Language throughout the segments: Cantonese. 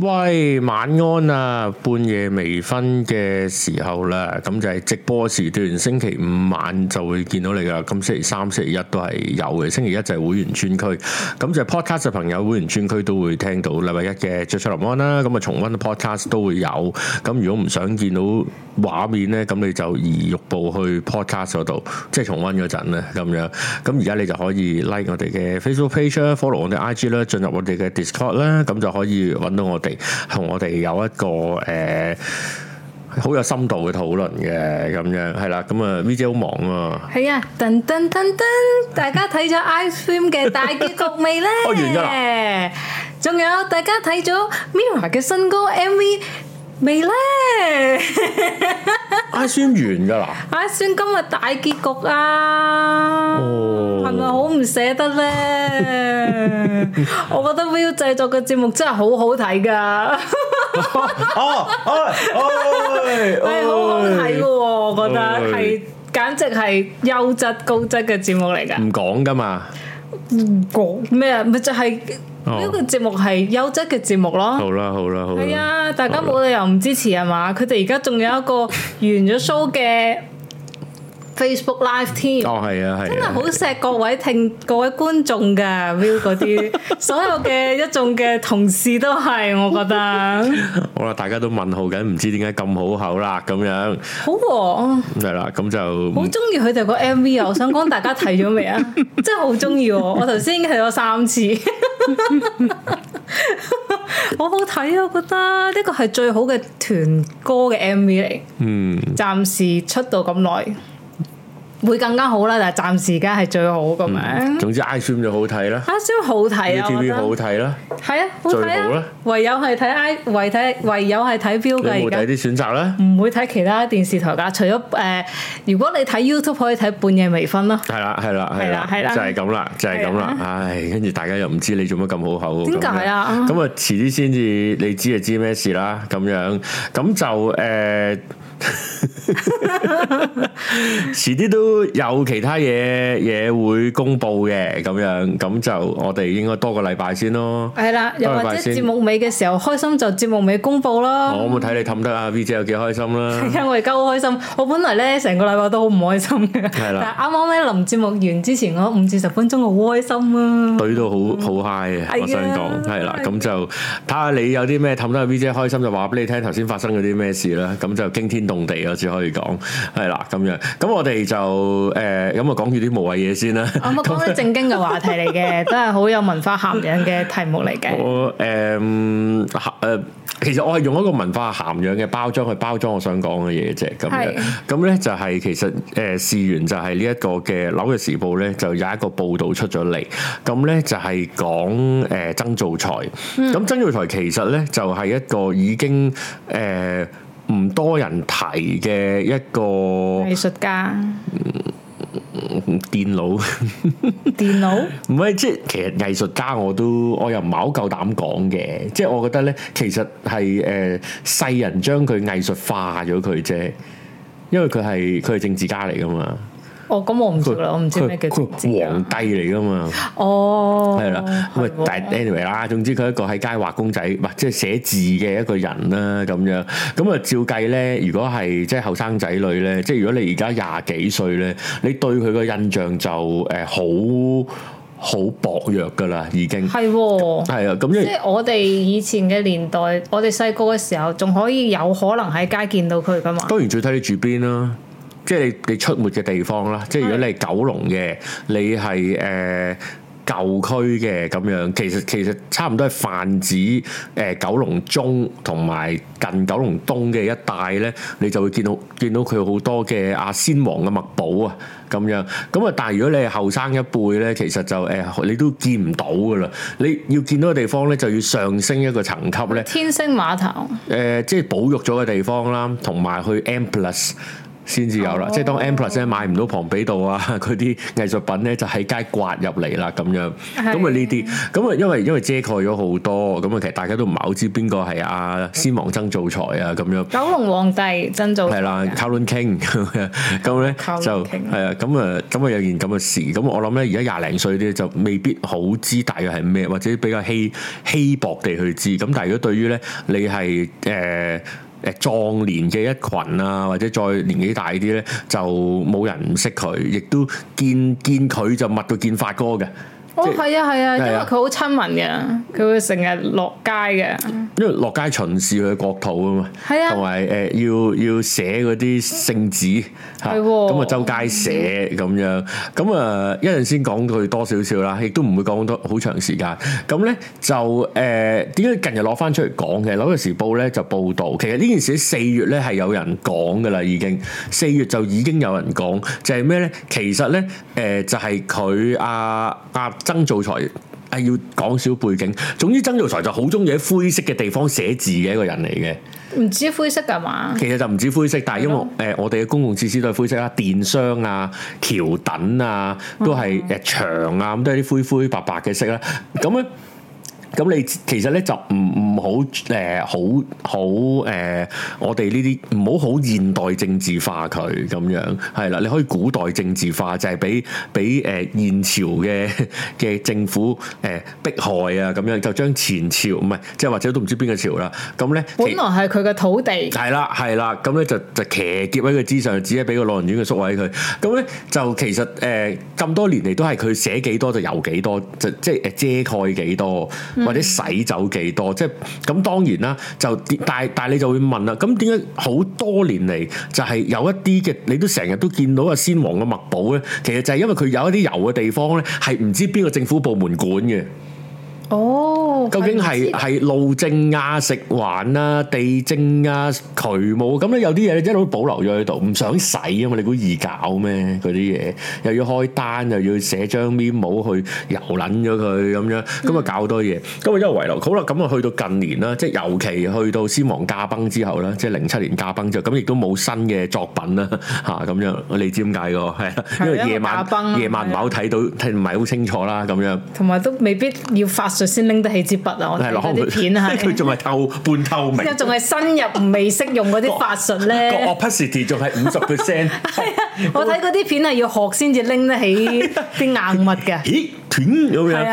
喂，晚安啊！半夜未瞓嘅時候啦，咁就係直播時段，星期五晚就會見到你噶。今星期三、星期一都係有嘅。星期一就係會員專區，咁就係 podcast 嘅朋友會員專區都會聽到。禮拜一嘅爵出臨安啦，咁啊重溫 podcast 都會有。咁如果唔想見到畫面咧，咁你就移玉步去 podcast 度，即係重溫嗰陣咧，咁樣，咁而家你就可以 like 我哋嘅 Facebook page 啦，follow 我哋 IG 啦，進入我哋嘅 Discord 啦，咁就可以揾到我哋。同我哋有一個誒，好有深度嘅討論嘅咁樣，係啦，咁啊 V 姐好忙啊，係啊，噔噔噔噔，大家睇咗《iFilm》嘅大結局未咧？開完咗啦，仲有大家睇咗 Mirror 嘅新歌《MV》。未咧！阿宣 完噶啦！阿宣、啊、今日大結局啊！係咪、oh. 好唔捨得咧？我覺得 Viu 製作嘅節目真係好好睇噶！哦，好好睇噶，我覺得係簡直係優質高質嘅節目嚟噶！唔講噶嘛？唔講咩啊？咪就係、是。呢個節目係優質嘅節目咯。好啦好啦好啦。係啊，哎，大家冇理由唔支持啊嘛。佢哋而家仲有一個完咗 show 嘅。Facebook Liveteam，哦係啊係，真係好錫各位聽各位觀眾噶 view 嗰啲，所有嘅一眾嘅同事都係，我覺得。好啦，大家都問候緊，唔知點解咁好口啦咁樣。好喎。係啦，咁就。好中意佢哋個 M V 啊！我想講大家睇咗未啊？真係好中意我，我頭先已經睇咗三次，好好睇啊！我覺得呢個係最好嘅團歌嘅 M V 嚟，嗯，暫時出到咁耐。會更加好啦，但係暫時而家係最好咁樣。總之 I TV 就好睇啦，I TV 好睇啊，I TV 好睇啦，係啊，最好啦。唯有係睇 I，唯睇唯有係睇標嘅。你冇睇啲選擇啦，唔會睇其他電視台噶，除咗誒，如果你睇 YouTube 可以睇半夜微醺啦。係啦，係啦，係啦，係啦，就係咁啦，就係咁啦。唉，跟住大家又唔知你做乜咁好口，點解啊？咁啊，遲啲先至你知就知咩事啦。咁樣咁就誒，遲啲都。有其他嘢嘢會公布嘅，咁樣咁就我哋應該多個禮拜先咯。係啦，又或者節目尾嘅時候，開心就節目尾公布咯。我冇睇你氹得阿 V 姐有幾開心啦。係啊，我而家好開心，我本來咧成個禮拜都好唔開心嘅。係啦，但啱啱咧臨節目完之前，我五至十分鐘好開心啊。對到好好嗨啊。了我想講，係啦，咁就睇下你有啲咩氹得阿 V 姐開心，就話俾你聽。頭先發生咗啲咩事啦？咁就驚天動地咯，我只可以講，係啦，咁樣。咁我哋就。誒，咁啊、嗯，講住啲無謂嘢先啦。我冇講啲正經嘅話題嚟嘅，都係好有文化涵養嘅題目嚟嘅。我誒，誒，其實我係用一個文化涵養嘅包裝去包裝我想講嘅嘢啫。咁、就是、樣，咁咧是、嗯嗯、就係、是、其實誒，試、呃、完就係呢一個嘅《紐約時報》咧，就有一個報道出咗嚟。咁咧就係講誒，曾、呃、灶財。咁曾灶財其實咧就係、是、一個已經誒。呃唔多人提嘅一個藝術家，電腦， 電腦，唔係即係其實藝術家我都我又唔係好夠膽講嘅，即係我覺得咧，其實係誒世人將佢藝術化咗佢啫，因為佢係佢係政治家嚟噶嘛。哦，咁我唔知啦，他我唔知咩叫做皇帝嚟噶嘛。哦、oh, 了，係啦的，喂，但 anyway 啦，總之佢一個喺街畫公仔，唔係，即係寫字嘅一個人啦咁樣。咁啊，照計咧，如果係即係後生仔女咧，即係如果你而家廿幾歲咧，你對佢個印象就誒好好薄弱噶啦，已經係喎。係啊的，咁、嗯就是、即係我哋以前嘅年代，我哋細個嘅時候仲可以有可能喺街見到佢噶嘛。當然，最睇你住邊啦。即係你出沒嘅地方啦，即係如果你係九龍嘅，你係誒、呃、舊區嘅咁樣，其實其實差唔多係泛指誒九龍中同埋近九龍東嘅一帶咧，你就會見到見到佢好多嘅阿先王嘅墨寶啊，咁樣咁啊！但係如果你係後生一輩咧，其實就誒、呃、你都見唔到噶啦，你要見到嘅地方咧，就要上升一個層級咧，天星碼頭誒、呃，即係保育咗嘅地方啦，同埋去 M+。先至有啦，oh，即係當 M+ 咧買唔到龐比度啊，佢啲對藝術品咧就喺街刮入嚟啦咁樣，咁啊呢啲，咁啊因為因為遮蓋咗好多，咁啊其實大家都唔係好知邊個係阿先王曾灶財啊咁樣，九龍皇帝曾灶財係啦 Captain King 咁咧就係啊，咁啊咁啊、嗯嗯、有件咁嘅事，咁我諗咧而家廿零歲啲就未必好知大約係咩，或者比較稀稀薄地去知，咁但係如果對於咧你係誒。呃呃嗯誒壯年嘅一群啊，或者再年紀大啲咧，就冇人唔識佢，亦都見見佢就密到見發哥嘅。哦，係啊，係啊，因為佢好親民嘅，佢 Yes. 會成日落街嘅。因為落街巡視佢嘅國土啊嘛，係啊，同埋誒要要寫嗰啲聖旨，係咁啊周、啊、街寫咁、啊、樣，咁啊一陣先講佢多少少啦，亦都唔會講多好長時間。咁咧就誒點解近日攞翻出嚟講嘅？紐約時報咧就報導，其實呢件事四月咧係有人講噶啦，已經四月就已經有人講，就係咩咧？其實咧誒、啊、就係佢阿阿。啊啊啊啊啊曾灶財係、哎、要講少背景，總之曾灶財就好中意喺灰色嘅地方寫字嘅一個人嚟嘅，唔止灰色㗎嘛？其實就唔止灰色，但係因為誒、嗯呃、我哋嘅公共設施都係灰色啦，電箱啊、橋墩啊都係誒牆啊咁都係啲灰灰白白嘅色啦，咁咧。 咁你其實咧就唔唔好誒、呃、好好誒、呃、我哋呢啲唔好好現代政治化佢咁樣係啦，你可以古代政治化就係俾俾誒現朝嘅嘅政府誒、呃、迫害啊咁樣就將前朝唔係即係或者都唔知邊個朝啦咁咧，呢本來係佢嘅土地係啦係啦，咁咧就就騎劫喺佢之上，只係俾個老人院嘅宿位佢。咁咧就其實誒咁、呃、多年嚟都係佢寫幾多就油幾多，就即係誒遮蓋幾多。或者洗走幾多？即係咁當然啦，就但係但係你就會問啦。咁點解好多年嚟就係有一啲嘅，你都成日都見到啊先王嘅墨寶咧？其實就係因為佢有一啲油嘅地方咧，係唔知邊個政府部門管嘅。哦。Oh. 哦、究竟係係路政啊、食環啊、地政啊、渠務咁咧，有啲嘢咧一路保留咗喺度，唔想使啊嘛，你估易搞咩？嗰啲嘢又要開單，又要寫張 memo 去油撚咗佢咁樣，咁啊搞多嘢，咁啊一路遺留。好啦，咁啊去到近年啦，即係尤其去到先王駕崩之後啦，即係零七年駕崩之後，咁亦都冇新嘅作品啦，嚇、啊、咁樣，你知點解㗎？係的因為夜晚夜晚唔係好睇到，睇唔係好清楚啦，咁樣。同埋都未必要法術先拎得起。支筆啊！我睇啲片係佢仲係透半透明新，仲係深入未識用嗰啲法術咧。個 Opacity 仲係五十 percent。我睇嗰啲片係要學先至拎得起啲硬物嘅。咦？斷咁樣。係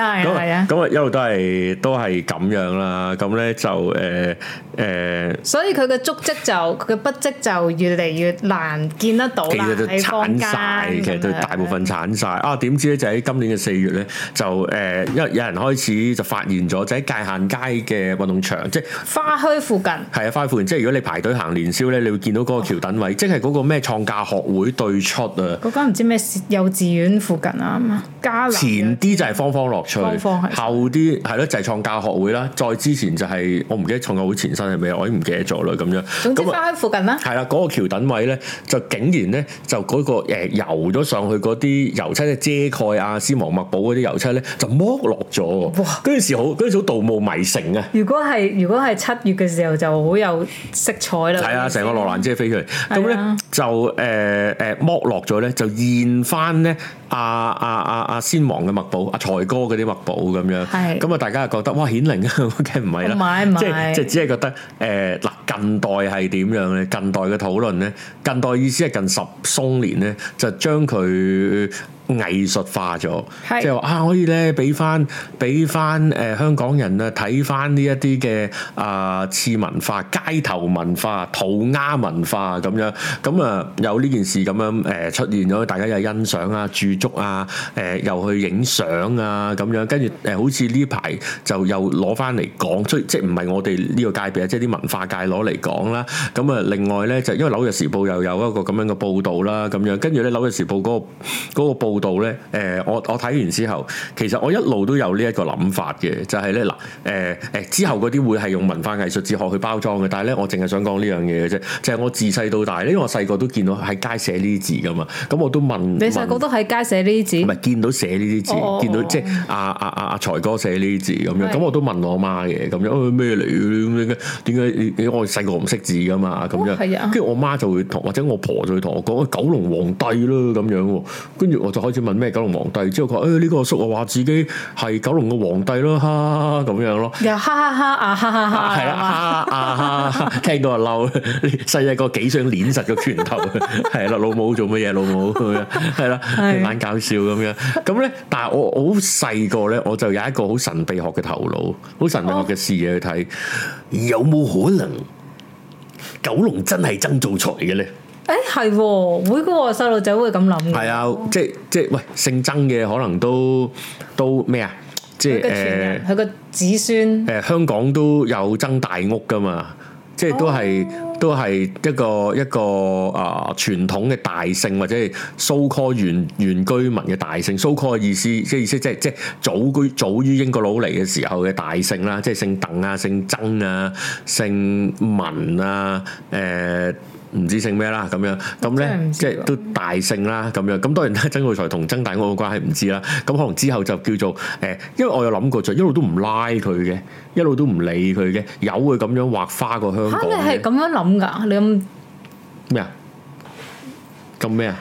啊咁啊一路都係都係咁樣啦。咁咧就誒誒，所以佢嘅足迹就佢嘅筆迹就越嚟越難見得到啦。其實都鏟曬，其實都大部分鏟晒啊！點知咧就喺今年嘅四月咧，就誒因為有人開始就發現咗。仔界限街嘅運動場，即係花墟附近。係啊，花墟附近。即係如果你排隊行年宵咧，你會見到嗰個橋墩位，哦、即係嗰個咩創價學會對出啊。嗰間唔知咩幼稚園附近啊嘛。前啲就係芳芳樂趣，方方後啲係咯就係、是、創價學會啦。再之前就係、是、我唔記得創價會前身係咩，我已經唔記得咗啦。咁樣。總之花墟附近啦。係啦，嗰、那個橋墩位咧，就竟然咧，就嗰、那個誒油咗上去嗰啲油漆嘅遮蓋啊，斯摩墨寶嗰啲油漆咧，就剝落咗。哇！嗰陣時好都盜墓迷城啊！如果係如果係七月嘅時候，就好有色彩啦。係 啊，成個羅蘭姐飛出嚟咁咧的就誒誒、呃呃、剝落咗咧，就現翻咧阿阿阿阿先王嘅墨寶，阿、啊、財哥嗰啲墨寶咁樣。係的，咁啊大家就覺得哇顯靈啊，梗唔係啦，即係即係只係覺得誒嗱近代係點樣咧？近代嘅討論咧，近代意思係近十鬆年咧，就將佢。藝術化咗，即係話啊，可以咧俾翻俾翻誒香港人啊睇翻呢一啲嘅啊次文化、街頭文化、塗鴉文化咁樣，咁啊有呢件事咁樣誒、呃、出現咗，大家又欣賞啊、駐足啊，誒、呃、又去影相啊咁樣，跟住誒好似呢排就又攞翻嚟講，即即唔係我哋呢個界別啊，即係啲文化界攞嚟講啦。咁啊另外咧就因為《紐約時報》又有一個咁樣嘅報導啦，咁樣跟住咧《紐約時報》嗰個嗰個報道咧，誒、嗯，我我睇完之後，其實我一路都有呢一個諗法嘅，就係咧嗱，誒誒、呃，之後嗰啲會係用文化藝術哲學去包裝嘅，但係咧，我淨係想講呢樣嘢嘅啫，就係、是、我自細到大咧，因為我細個都見到喺街寫呢啲字噶嘛，咁我都問，你細個都喺街寫呢啲字？唔係見到寫呢啲字，見到，oh, oh, oh, 到即係阿阿阿阿財哥寫呢啲字咁樣，咁、oh, oh。我都問我媽嘅，咁樣咩嚟？點解點解？我細個唔識字噶嘛，咁樣，跟住我媽就會同或者我婆婆就會同我講、哎，九龍皇帝咯咁樣，跟住我就。開始問咩九龍皇帝，之後佢誒呢個叔話自己係九龍嘅皇帝咯，咁樣咯，又哈哈哈啊哈哈哈，係啦，啊 啊,啊,啊哈，聽到啊嬲，細細個幾想捏實個拳頭，係啦， 老母做乜嘢，老母咁樣，係啦，玩搞笑咁樣，咁咧，但係我好細個咧，我就有一個好神秘學嘅頭腦，好神秘學嘅視野去睇，哦、有冇可能九龍真係曾灶財嘅咧？誒，係喎、欸，每個會噶細路仔會咁諗嘅。係啊，即係即係，喂，姓曾嘅可能都都咩啊？即係誒，佢個、呃、子孫。誒、呃，香港都有曾大屋噶嘛？即係都係、oh. 都係一個一個啊、呃、傳統嘅大姓，或者係所謂原原居民嘅大姓。所謂嘅意思，即係意思、就是，即係即係早早於英國佬嚟嘅時候嘅大姓啦，即係姓鄧啊、姓曾啊、姓文啊、誒、呃。唔知姓咩啦，咁樣咁咧，即係都大姓啦，咁樣咁當然啦，曾灶財同曾大屋嘅關係唔知啦，咁可能之後就叫做誒，因為我有諗過就一路都唔拉佢嘅，一路都唔理佢嘅，由佢咁樣畫花過香港。嚇！你係咁樣諗噶？你咁咩啊？咁咩啊？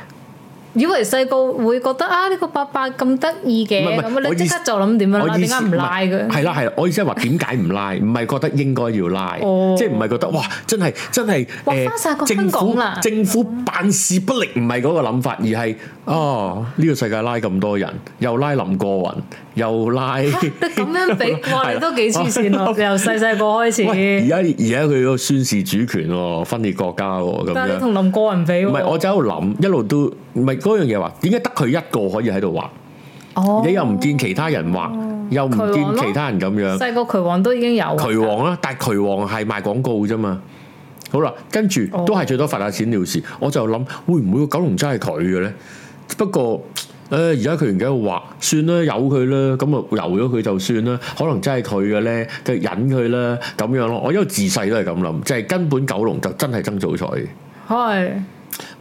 以為細個會覺得啊，呢個伯伯咁得意嘅？咁你即刻就諗點樣拉，點解唔拉佢？係啦係啦，我意思係話點解唔拉？唔係覺得應該要拉，即係唔係覺得哇真係真係誒政府政府辦事不力，唔係嗰個諗法，而係哦呢個世界拉咁多人，又拉林過雲，又拉咁樣比過嚟都幾黐線咯。由細細個開始，而家而家佢都宣示主權喎，分裂國家喎，咁樣同林過雲比唔係我喺度諗一路都。唔係嗰樣嘢話，點解得佢一個可以喺度畫？Oh, 你又唔見其他人畫，oh, 又唔見其他人咁樣。細個渠王都已經有渠王啦、啊，但係渠王係賣廣告啫嘛。好啦，跟住、oh. 都係最多罰下錢了事。我就諗會唔會九龍真係佢嘅咧？不過，誒而家佢而家畫，算啦，由佢啦。咁啊，由咗佢就算啦。可能真係佢嘅咧，就忍佢啦，咁樣咯。我因為自細都係咁諗，即、就、係、是、根本九龍就真係曾灶財。係。Hey.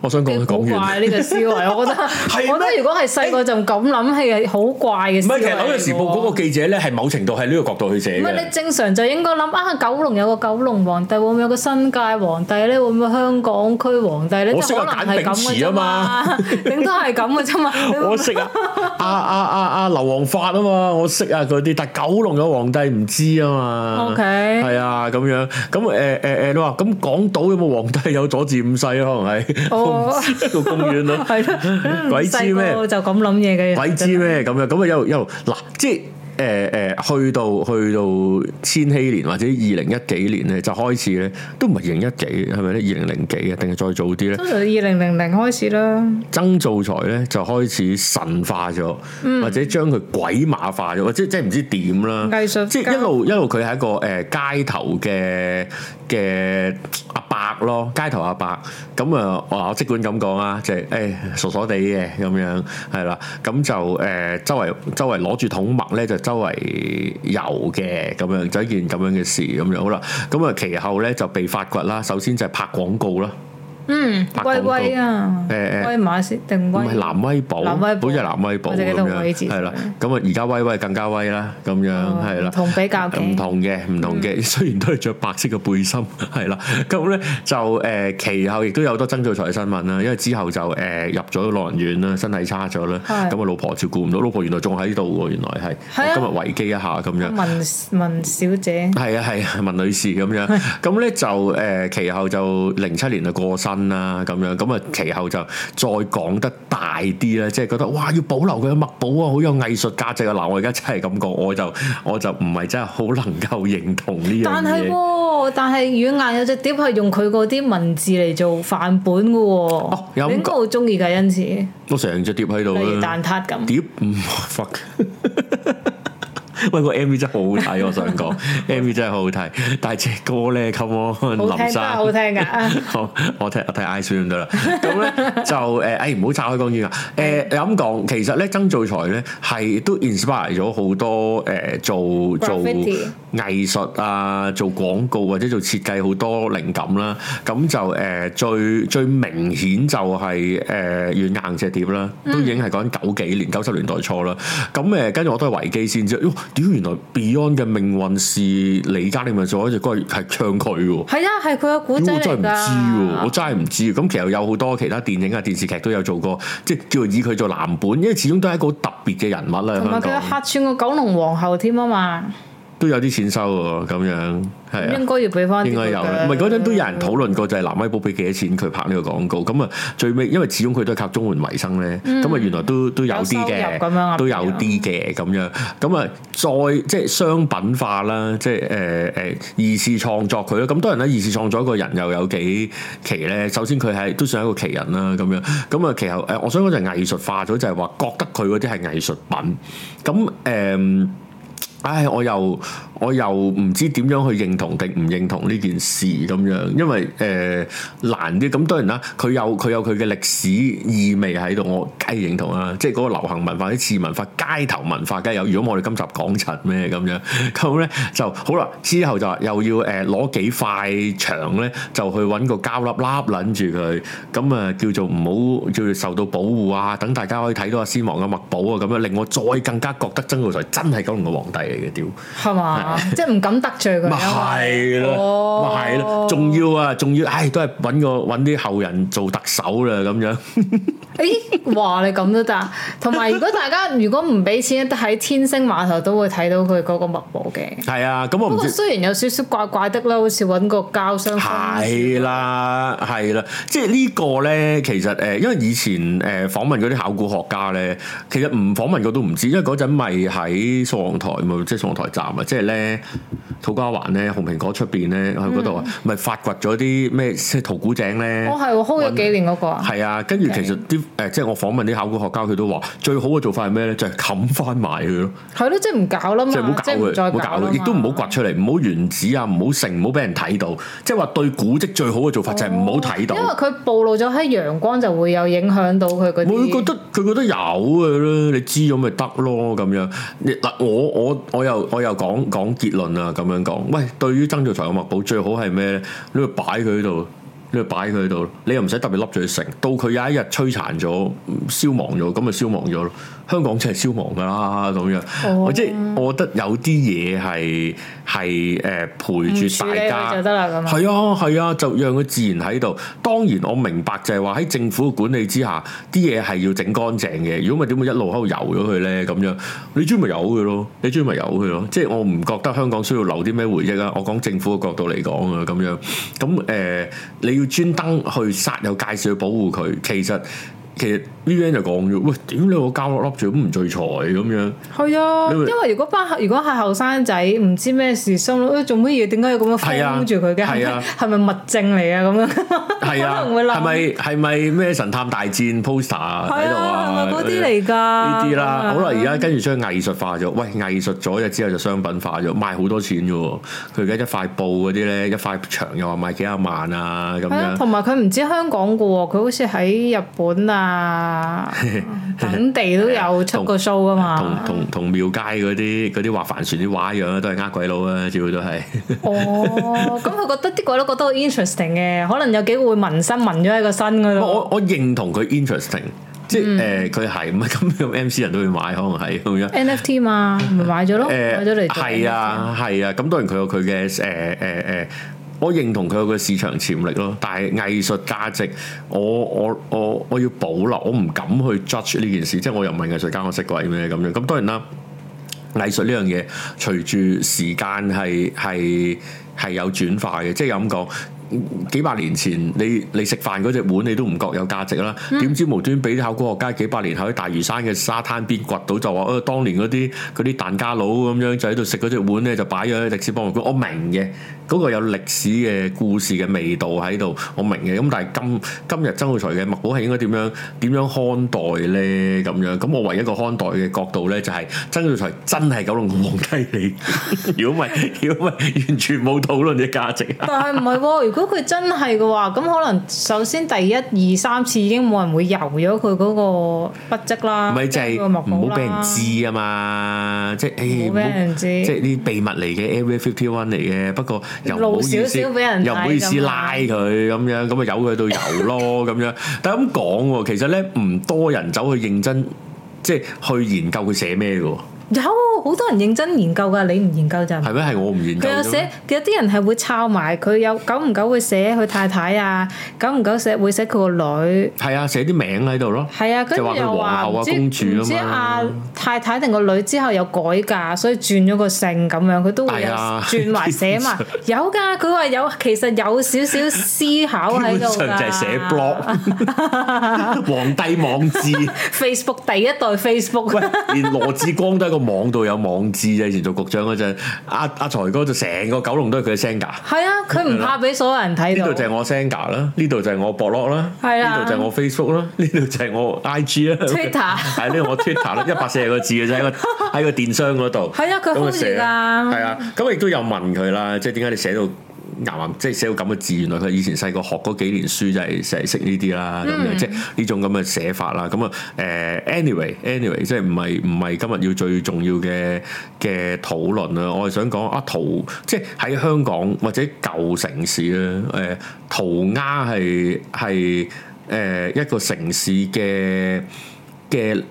我想講，講好完呢個思維， 我覺得我覺得如果係細個就咁諗，係好怪嘅思維。唔係，其實紐約時報嗰個記者咧，係某程度係呢個角度去寫。唔係，你正常就應該諗啊，九龍有個九龍皇帝，會唔會有個新界皇帝咧？會唔會香港區皇帝咧？我識話簡併詞啊嘛，頂多係咁嘅啫嘛。我識啊，阿阿阿阿劉皇發啊嘛，我識啊嗰啲，但九龍有皇帝唔知啊嘛。O K，係啊，咁樣咁誒誒誒，你話咁港島有冇皇帝有佐治五世咯？可能係。 我知個公園咯，係咯 的，鬼知咩，就咁諗嘢嘅？鬼知咩咁樣咁啊？一路一路嗱，即係誒誒，去到去到千禧年或者二零一幾年咧，就開始咧，都唔係二零一幾係咪咧？是是二零零幾啊，定係再早啲咧？通常二零零零開始啦，曾灶財咧就開始神化咗，嗯、或者將佢鬼馬化咗，或者即係唔知點啦，藝術即係一路一路佢係一,一個誒街頭嘅嘅阿伯咯，街頭阿伯咁啊，我即管咁講啦，就係、是、誒、哎、傻傻地嘅咁樣，係啦，咁就誒周圍周圍攞住桶墨咧，就周圍遊嘅咁樣，就一件咁樣嘅事咁樣好啦，咁啊其後咧就被發掘啦，首先就係拍廣告啦。嗯，威威啊，誒誒，馬士定威，唔係南威寶，南威寶就係南威寶咁樣，係啦，咁啊而家威威更加威啦，咁樣係啦，唔同比較，唔同嘅唔同嘅，雖然都係着白色嘅背心，係啦，咁咧就誒其後亦都有好多曾灶財嘅新聞啦，因為之後就誒入咗老人院啦，身體差咗啦，咁啊老婆照顧唔到，老婆原來仲喺度喎，原來係，今日維基一下咁樣，文文小姐，係啊係啊，文女士咁樣，咁咧就誒其後就零七年就過身。啦咁樣，咁啊其後就再講得大啲咧，即係覺得哇要保留佢嘅墨寶啊，好有藝術價值啊！嗱，我而家真係咁講，我就我就唔係真係好能夠認同呢樣嘢。但係，但係軟硬有隻碟，係用佢嗰啲文字嚟做範本噶喎，哦，哦、有應該好中意噶因此。我成隻碟喺度。例如蛋撻咁。碟唔 fuck 喂，個 MV 真係好好睇，我想講 MV 真係好好睇，但係隻歌咧，Come on，林生，好聽，真係好聽㗎。好，我聽我睇 I See 咁得啦。咁咧就誒，哎唔好拆開講先啊。誒有咁講，其實咧曾灶財咧係都 inspire 咗好多誒做做藝術啊，做廣告或者做設計好多靈感啦。咁就誒最最明顯就係誒軟硬隻碟啦，都已經係講緊九幾年、九十年代初啦。咁誒跟住我都係維基先知。屌，原來 Beyond 嘅命運是你家，你咪做咗隻歌，係唱佢喎。係啊，係佢嘅古仔嚟㗎。我真係唔知喎，我真係唔知。咁其實有好多其他電影啊、電視劇都有做過，即係叫以佢做藍本，因為始終都係一個特別嘅人物啦。同埋佢客串個九龍皇后添啊嘛！都有啲錢收喎，咁樣係啊，應該要俾翻應該有，唔係嗰陣都有人討論過就，就係藍威寶俾幾多錢佢拍呢個廣告，咁啊最尾，因為始終佢都係靠綜援維生咧，咁啊、嗯、原來都都有啲嘅，都有啲嘅咁樣，咁啊，啊再即係、就是、商品化啦，即係誒誒二次創作佢咯，咁多人咧二次創作一個人又有幾奇咧？首先佢係都算一個奇人啦，咁樣，咁啊其後誒、呃，我想講就藝術化咗，就係、是、話覺得佢嗰啲係藝術品，咁誒。嗯唉，我又。我又唔知點樣去認同定唔認同呢件事咁樣，因為誒、呃、難啲。咁當然啦，佢有佢有佢嘅歷史意味喺度，我梗係認同啦。即係嗰個流行文化、啲次文化、街頭文化，梗係有。如果我哋今集講親咩咁樣，咁咧就好啦。之後就又要誒攞、呃、幾塊牆咧，就去揾個膠粒粒擰住佢，咁啊叫做唔好叫做受到保護啊。等大家可以睇到阿先王嘅墨寶啊，咁樣令我再更加覺得曾灶財真係九龍嘅皇帝嚟嘅屌，係嘛？即係唔敢得罪佢，咪係啦，咪係啦，仲 要啊，仲要，唉， 都係揾個揾啲後人做特首啦，咁 樣。誒，話你咁都得，同埋如果大家如果唔俾錢，都喺天星碼頭都會睇到佢嗰個墨寶嘅。係啊，咁、嗯、我唔。不過雖然有少少怪怪的啦，好似揾個膠箱。係啦、啊，係啦、啊啊，即係呢個咧，其實誒，因為以前誒訪、呃、問嗰啲考古學家咧，其實唔訪問過都唔知，因為嗰陣咪喺宋皇臺，即係宋皇臺站啊，即係咧。土瓜灣咧，紅蘋果出邊咧，喺嗰度啊，咪發掘咗啲咩，即係陶古井咧？我係喎，開咗幾年嗰、那個啊，係啊找、嗯，跟住其實啲誒 okay.、呃，即係我訪問啲考古學家，佢都話最好嘅做法係咩咧？就係冚翻埋佢咯，係咯，即係唔搞啦，即係唔好搞佢，唔搞亦、啊、都唔好掘出嚟，唔好原址啊，唔好、啊、成，唔好俾人睇到，即係話對古跡最好嘅做法就係唔好睇到、哦，因為佢暴露咗喺陽光就會有影響到佢嗰啲。佢覺得佢覺得有嘅啦，你知咗咪得咯咁樣。嗱，我我我又我又講講。講結論啊，咁樣講，喂，對於曾灶財嘅墨寶最好係咩咧？你去擺佢喺度，你去擺佢喺度，你又唔使特別笠住去食，到佢有一日摧殘咗、消亡咗，咁咪消亡咗咯。香港即係消亡噶啦，咁樣、oh. 我即係我覺得有啲嘢係係誒陪住大家就得啦，咁係啊係啊，就讓佢自然喺度。當然我明白就係話喺政府嘅管理之下，啲嘢係要整乾淨嘅。如果咪點會一路喺度游咗佢咧？咁樣你鍾意咪由佢咯，你鍾意咪由佢咯，咯。即係我唔覺得香港需要留啲咩回憶啊。我講政府嘅角度嚟講啊，咁樣咁誒、呃，你要專登去殺又介紹去保護佢，其實。其實呢 i 就講咗，喂，點解我膠粒笠住咁唔聚財咁樣？係啊，會因為如果翻，如果係後生仔，唔知咩事，心做乜嘢？點解要咁嘅封住佢嘅？係咪係咪物證嚟 啊？咁樣，可能會諗係咪係咪咩神探大戰 poster 喺度啊？嗰啲嚟噶呢啲啦。啊、好啦，而家跟住將藝術化咗，喂，藝術咗嘅之後就商品化咗，賣好多錢嘅。佢而家一塊布嗰啲咧，一塊牆又話賣幾啊萬啊咁樣啊。同埋佢唔知香港嘅，佢好似喺日本啊。啊！本地都有出過 show 噶嘛，同同同廟街嗰啲嗰啲畫帆船啲畫一樣啦，都係呃鬼佬啊，主要都係。哦，咁佢覺得啲鬼佬覺得好 interesting 嘅，可能有幾會紋身紋咗喺個身嗰度。我我認同佢 interesting，即係誒，佢係唔係咁啊，咁 MC 人都會買，可能係咁樣 NFT 嘛，咪買咗咯，買咗嚟。係啊，係啊，咁當然佢有佢嘅誒誒誒。我認同佢有個市場潛力咯，但係藝術價值我，我我我我要保留，我唔敢去 judge 呢件事，即係我又唔係藝術家，我識鬼咩咁樣？咁當然啦，藝術呢樣嘢隨住時間係係係有轉化嘅，即係咁講。幾百年前，你你食飯嗰隻碗你都唔覺有價值啦。點、嗯、知無端俾考古學家幾百年喺大嶼山嘅沙灘邊掘到，就話誒、呃、當年嗰啲嗰啲疍家佬咁樣就喺度食嗰隻碗咧，就擺咗喺歷史博物館。我明嘅，嗰、那個有歷史嘅故事嘅味道喺度，我明嘅。咁但係今今日曾灶財嘅墨寶係應該點樣點樣看待咧？咁樣咁我唯一一個看待嘅角度咧、就是，就係曾灶財真係九龍嘅皇帝嚟。如果唔係，如果唔係，完全冇討論嘅價值。但係唔係喎？如果如果佢真係嘅話，咁可能首先第一二三次已經冇人會油咗佢嗰個筆跡啦，唔係是是墨寶啦。唔好俾人知啊嘛，即係唔好俾人知，即係啲秘密嚟嘅。Area 51嚟嘅，不過又冇意思，又唔好意思拉佢咁樣，咁啊由佢到油咯咁樣。樣樣 但係咁講喎，其實咧唔多人走去認真，即係去研究佢寫咩嘅。有。好多人認真研究㗎，你唔研究就係咩？係我唔研究。佢有寫，有啲人係會抄埋。佢有久唔久會寫佢太太啊，久唔久寫會寫佢個女。係啊，寫啲名喺度咯。係啊，跟住又話皇后啊公主咯，即係阿太太定個女之後有改嫁，所以轉咗個姓咁樣，佢都會轉埋寫嘛。有㗎，佢話有，其實有少少思考喺度㗎。根本上就係寫 blog，皇帝網誌，Facebook 第一代 Facebook，連羅志光都喺個網度。有網誌啊！以前做局長嗰陣，阿、啊、阿、啊、財哥就成個九龍都係佢嘅 Xanga。係啊，佢唔怕俾所有人睇到。呢度就係我 Xanga 啦，呢度就係我 blog 啦，呢度就係我 Facebook 啦，呢度就係我 IG 啦。Twitter 係呢個 我 Twitter 啦，一百四十個字嘅啫，喺個喺個電箱嗰度。係啊，佢咁啊。係啊，咁亦都有問佢啦，即係點解你寫到？即係寫到咁嘅字，原來佢以前細個學嗰幾年書就係成日識呢啲啦，咁、嗯、樣，樣、呃、anyway, anyway, 即係呢種咁嘅寫法啦。咁啊誒，anyway，anyway，即係唔係唔係今日要最重要嘅嘅討論啊？我係想講啊，塗即係喺香港或者舊城市咧，誒塗鴉係係誒一個城市嘅嘅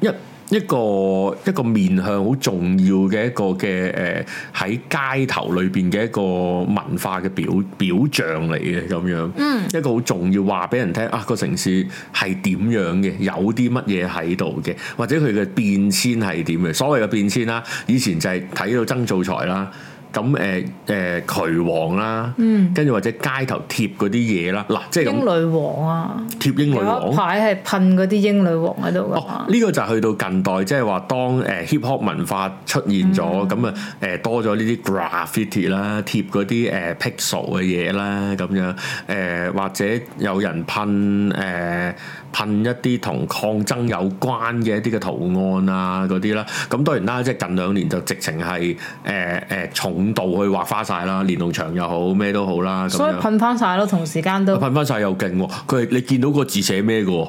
一。一個一個面向好重要嘅一個嘅誒喺街頭裏邊嘅一個文化嘅表表象嚟嘅咁樣，嗯、一個好重要話俾人聽啊、個城市係點樣嘅，有啲乜嘢喺度嘅，或者佢嘅變遷係點嘅。所謂嘅變遷啦，以前就係睇到曾灶財啦。咁誒誒，渠王啦，跟住、嗯、或者街頭貼嗰啲嘢啦，嗱，即係英女王啊，貼英女王，牌係噴嗰啲英女王喺度㗎。哦，呢、呢個就係去到近代，即係話當誒、呃、hip hop 文化出現咗，咁啊誒多咗呢啲 graffiti 啦，貼嗰啲誒 pixel 嘅嘢啦，咁樣誒、呃、或者有人噴誒。呃噴一啲同抗爭有關嘅一啲嘅圖案啊，嗰啲啦，咁當然啦，即係近兩年就直情係誒誒重度去畫花晒啦，連儂牆又好咩都好啦，咁所以噴翻晒咯，同時間都噴翻晒又勁喎，哦，佢係你見到個字寫咩嘅？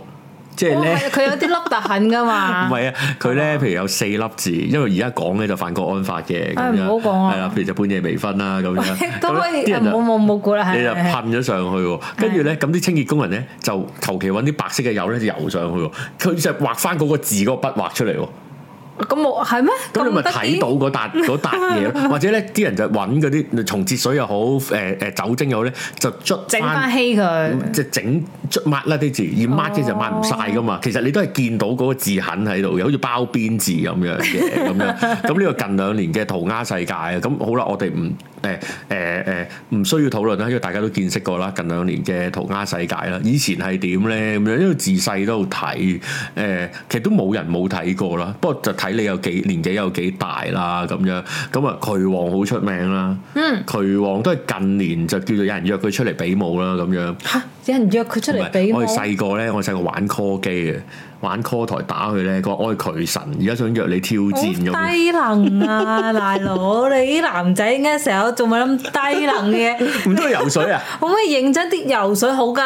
即係咧，佢、哦、有啲凹凸痕噶嘛。唔係 啊，佢咧，嗯、譬如有四粒字，因為而家講咧就犯國安法嘅咁樣。唔好講，係啊，譬如就半夜微醺啦咁樣。都冇冇冇估啦，你就噴咗上去，跟住咧，咁啲清潔工人咧就求其揾啲白色嘅油咧就油上去，佢就畫翻嗰個字嗰筆畫出嚟。咁我係咩？咁你咪睇到嗰笪笪嘢咯，或者咧啲人就揾嗰啲，松節水又好，誒、呃、誒酒精又好咧，就捽、嗯、整翻起佢，即係整捽抹甩啲字，而抹嘅就抹唔晒㗎嘛。哦、其實你都係見到嗰個字痕喺度，又好似包邊字咁樣嘅咁樣。咁呢個近兩年嘅塗鴉世界啊，咁好啦，我哋唔～誒誒誒，唔、欸欸、需要討論啦，因為大家都見識過啦，近兩年嘅塗鴉世界啦，以前係點咧咁樣呢，因為自細都睇，誒、欸，其實都冇人冇睇過啦，不過就睇你有幾年紀有幾大啦咁樣，咁啊，渠王好出名啦，嗯，渠王都係近年就叫做有人約佢出嚟比武啦咁樣，嚇，有人約佢出嚟比武，我哋細個咧，我細個玩 call 機嘅。玩 call 台打佢咧，佢話愛佢神，而家想約你挑戰咁。低能啊，大佬！ 你啲男仔應該成日做埋咁低能嘅？唔通去游水啊？可唔可以認真啲游水好噶？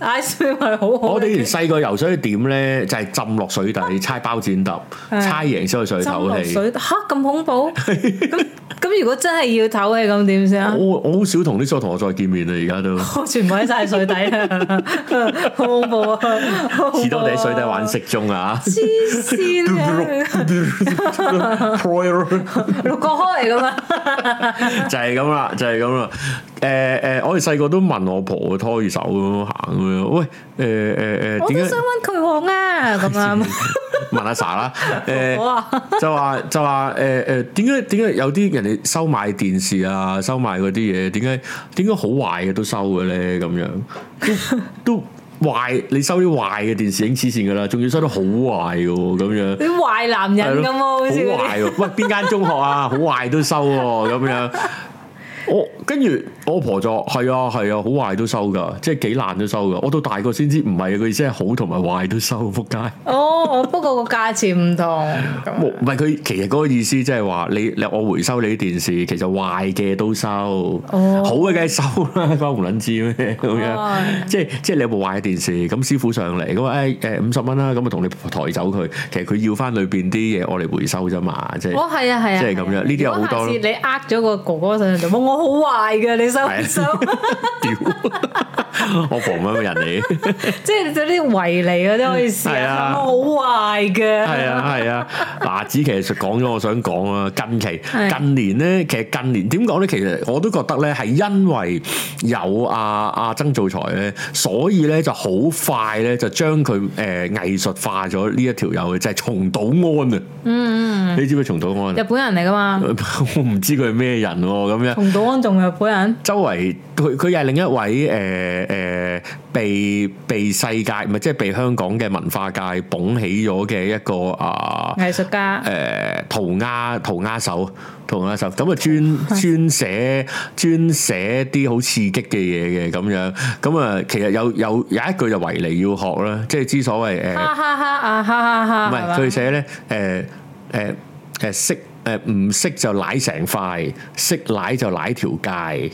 嗌水咪好好。我哋以前細個游水點咧，就係、是、浸落水底，猜包剪揼， 猜贏先去水底唞氣。水嚇咁恐怖？咁咁 如果真係要唞氣咁點先啊？我好少同啲衰同學再見面啦，而家都 全部喺晒水底啊，好 恐怖啊！似池你喺水底玩。集中啊！黐線嘅，六個開嚟噶嘛？就係咁啦，就係咁啦。誒、呃、誒，我哋細個都問我婆拖住手咁樣行咁樣。喂，誒誒誒，呃、我都也 何想問佢旺啊，咁、 呃、啊？問阿 Sir 啦，誒，就話就話，誒、呃、誒，點解點解有啲人哋收買電視啊，收買嗰啲嘢？點解點解好壞嘅都收嘅咧？咁樣都。都壞，你收啲壞嘅電視影黐線噶啦，仲要收得好壞嘅咁樣，啲壞男人咁啊，好壞，喂邊間中學啊，好壞都收咁樣。 我跟住我婆就係啊係啊，好壞、啊、都收噶，即係幾爛都收噶。我到大個先知唔係佢意思係好同埋壞都收，仆街。哦，不過個價錢唔同。唔係佢其實嗰個意思即係話你你我回收你啲電視，其實壞嘅都收。哦、好嘅梗係收啦，關胡捻知咩咁、哦、樣？即係、哦、即係你有部壞嘅電視，咁師傅上嚟，咁啊誒誒五十蚊啦，咁啊同你抬走佢。其實佢要翻裏邊啲嘢我嚟回收啫嘛，即係。我係啊係啊，即係咁樣，呢啲如果 有好、啊、多咯。你呃咗個哥哥上嚟好壞嘅，你想想， 我狂乜嘅人嚟 ，即係對啲違嚟嗰啲可以試、嗯、啊！我好壞嘅，係啊係啊。嗱、啊，子琪、啊、其實講咗，我想講啊，近期的近年咧，其實近年點講咧？其實我都覺得咧，係因為有阿、啊、阿、啊、曾灶財咧，所以咧就好快咧就將佢誒藝術化咗呢一條友，就係重島安啊。嗯，你知唔知重島安？日本人嚟噶嘛？ 我唔知佢係咩人喎、啊，咁樣。 幫助日本人？周圍，佢佢又係另一位誒誒、呃呃、被被世界唔係，即係被香港嘅文化界捧起咗嘅一個啊、呃、藝術家，誒塗鴉塗鴉手塗鴉手咁，啊專 專寫專寫啲好刺激嘅嘢嘅咁樣，咁啊其實有有有，有一句就為嚟要學啦，即係之所謂誒哈哈哈啊哈哈哈！唔係佢寫咧誒誒誒識。誒，唔、呃、識就舐成塊，識舐就舐條街。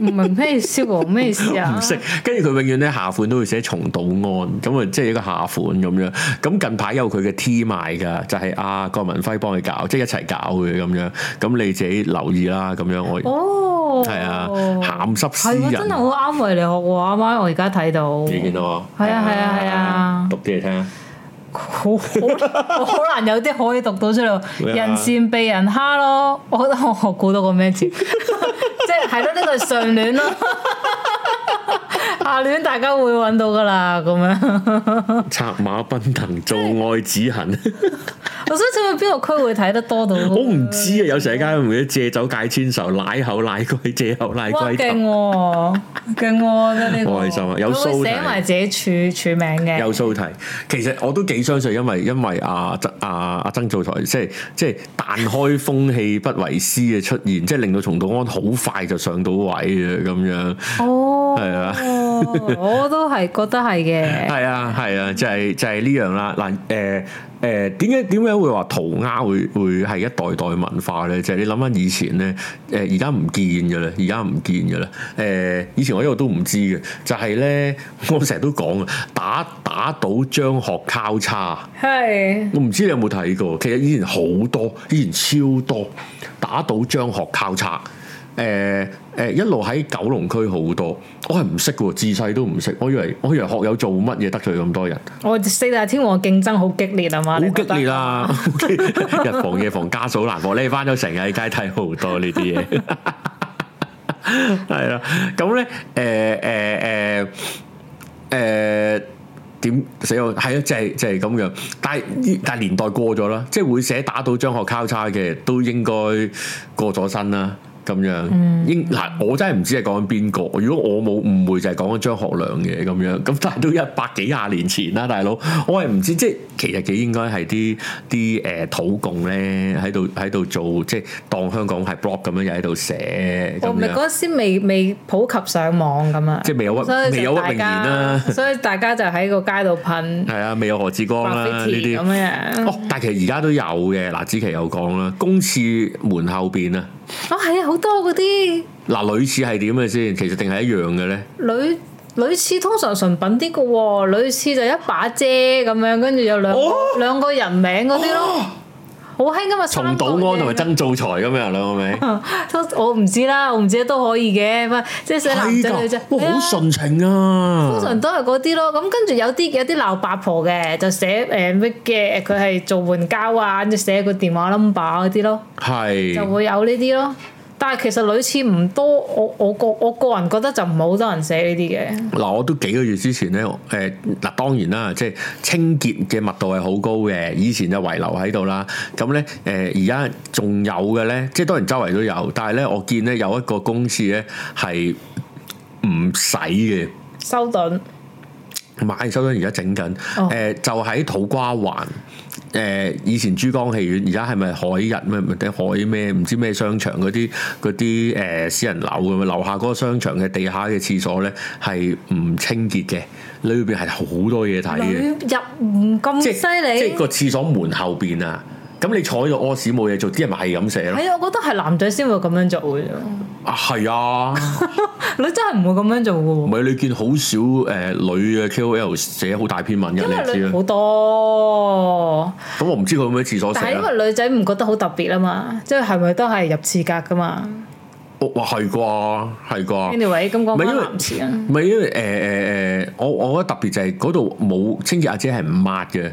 唔明咩消防咩事啊？唔識，跟住佢永遠咧下款都會寫重蹈案，咁啊，即係一個下款咁樣。咁近排有佢嘅 T 賣噶，就係、是、阿、啊、郭文輝幫佢搞，即係一齊搞嘅咁樣。咁你自己留意啦，咁樣我哦，係啊，鹹濕詩人真係好啱為你學喎，阿媽，我而家睇到你見到啊，係啊係啊係啊，讀畀你聽，聽。好好好難有啲可以讀到出嚟， 人善被人蝦咯！我覺得我學估到個咩字，即係係咯，呢個係上聯咯。下聯大家會揾到噶啦，咁樣策 馬奔騰，做愛止痕。 我想請問邊個區會睇得多到？我唔知啊，有成間會借酒解千愁，奶後奶貴借後奶貴愁。 哇，勁，勁啊！你外、啊這個、心啊，有蘇題。佢會寫埋自己署署名嘅。有蘇題，其實我都幾相信因，因為因為阿阿曾灶財，即係即係但開風氣不為師嘅出現，即係令到重道安好快就上到位嘅咁樣。哦，係啊。 我都係覺得係嘅。係 啊，係啊，啊，就係、是、就係、是、呢樣啦。嗱、呃，誒、呃、誒，點解點解會話塗鴉會會係一代代文化咧？就係、是、你諗翻以前咧，誒而家唔見噶啦，而家唔見噶啦。誒、呃，以前我一路都唔知嘅，就係、是、咧，我成日都講，打打倒張學交叉。係。 我唔知你有冇睇過，其實以前好多，以前超多，打倒張學交叉。誒誒、嗯嗯，一路喺九龍區好多，我係唔識嘅，自細都唔識。我以為我以為學友做乜嘢得罪咁多人？我四大天王競爭好激烈啊嘛，好激烈啊！ 日防夜防，家嫂難防，你翻咗成日喺街睇好多 呢啲嘢。係、呃、啦，咁、呃、咧，誒誒誒誒，點、呃、死我？係咯，就係、是、就係、是、咁、就是、樣。但係但係年代過咗啦，即係會寫打倒張學交叉嘅，都應該過咗身啦。咁樣應嗱，我真係唔知係講緊邊個。如果我冇誤會，就係講緊張學良嘅咁樣。咁但係都一百幾廿年前啦，大佬，我係唔知。即係其實佢應該係啲啲誒土共咧，喺度喺度做，即係當香港係 blog 咁樣，又喺度寫。我咪嗰時未未普及上網咁啊，即係未有屈，未有屈榮年啦。 所以大家就喺個街度噴。係啊， 未有何志光啦呢啲。這樣 哦，但係其實而家都有嘅。嗱，子琪有講啦，公廁門後邊啊。哦，係啊，好、啊、多嗰啲嗱，女廁係點嘅先？其實定係一樣嘅咧。女女廁通常純品啲嘅、哦，女廁就一把遮咁樣，跟住有兩個、哦、兩個人名嗰啲咯。哦好興㗎嘛，重賭安同埋曾灶財咁樣兩個名 我唔知啦，我唔知都可以嘅，唔即係寫男仔女仔，好純情啊，通常都係嗰啲咯，咁跟住有啲有啲鬧八婆嘅，就寫誒咩嘅，佢、呃、係做援交啊，跟住寫個電話 number 嗰啲咯，係的就會有呢啲咯。但係其實類似唔多，我我個我個人覺得就唔係好多人寫呢啲嘅。嗱，我都幾個月之前咧，誒、呃、嗱當然啦，即係清潔嘅密度係好高嘅，以前就遺留喺度啦。咁咧誒，而家仲有嘅咧，即係當然周圍都有，但係咧我見咧有一個公廁咧係唔使嘅收頓盾買收頓，而家整緊，誒就喺土瓜灣。誒以前珠江戲院，而家係咪海逸咩？唔係定海咩？唔知咩商場嗰啲啲誒私人樓咁啊，樓下嗰個商場嘅地下嘅廁所咧係唔清潔嘅，裏邊係好多嘢睇嘅，入唔咁犀利，即係個廁所門後邊啊！咁你坐喺度屙屎冇嘢做，啲人咪係咁寫咯。係啊，我覺得係男仔先會咁樣做嘅啫。啊，係啊， 女仔真係唔會咁樣做嘅喎。唔係你見好少誒、呃、女嘅 K O L 寫好大篇文嘅，你知好多。咁、嗯、我唔知佢喺廁所寫。但係因為女仔唔覺得好特別啊嘛，即係係咪都係入廁格嘅嘛。嗯、哇，係啩，啊？係啩？anyway，咁講翻男士啦。唔係因為誒誒誒，我我覺得特別就係嗰度冇清潔阿姐係唔抹嘅。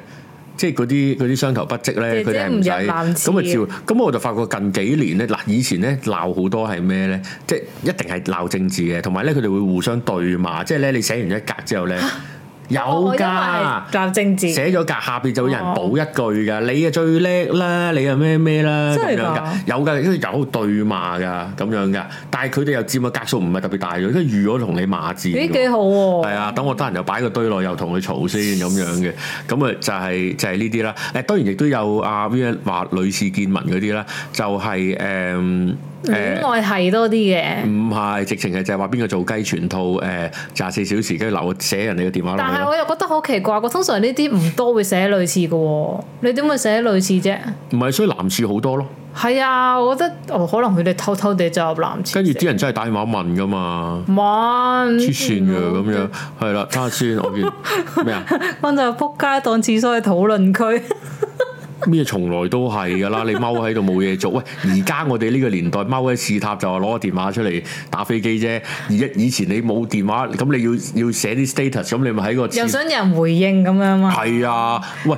即係嗰啲嗰啲雙頭筆跡咧，佢哋係唔使咁啊照。咁我就發覺近幾年咧，嗱以前咧鬧好多係咩咧？即係一定係鬧政治嘅，同埋咧佢哋會互相對罵，即係咧你寫完一格之後咧。 有噶，政治寫咗格下邊就會有人補一句噶、哦。你啊最叻啦，你啊咩咩啦咁樣噶，有噶，跟住有對罵噶咁樣噶。但係佢哋又佔嘅格數唔係特別大咗，跟住預咗同你罵字，咦幾、欸、好喎、啊？係啊，等我得閒又擺個堆落，又同佢嘈先咁樣嘅。咁啊就係、是、就係呢啲啦。誒當然亦都有阿 V 一話女士見聞嗰啲啦，就係、是、誒。嗯戀愛係多啲嘅，唔係直情係就係話邊個做雞全套，誒廿四小時，跟住留寫人哋嘅電話。但係我又覺得好奇怪，我通常呢啲唔多會寫類似嘅，你點會寫類似啫？唔係，所以男廁好多咯。係啊，我覺得哦，可能佢哋偷偷哋走入男廁。跟住啲人真係打電話問噶嘛？問黐線嘅咁樣，係啦，睇下先。 我見咩啊？剛 就撲街當廁所去討論區。 咩從來都係噶啦，你踎喺度冇嘢做。喂，而家我哋呢個年代踎喺屎塔就係攞個電話出嚟打飛機啫。而家以前你冇電話，咁你要要寫啲 status，咁你咪喺個又想有人回應咁樣嘛？係啊，喂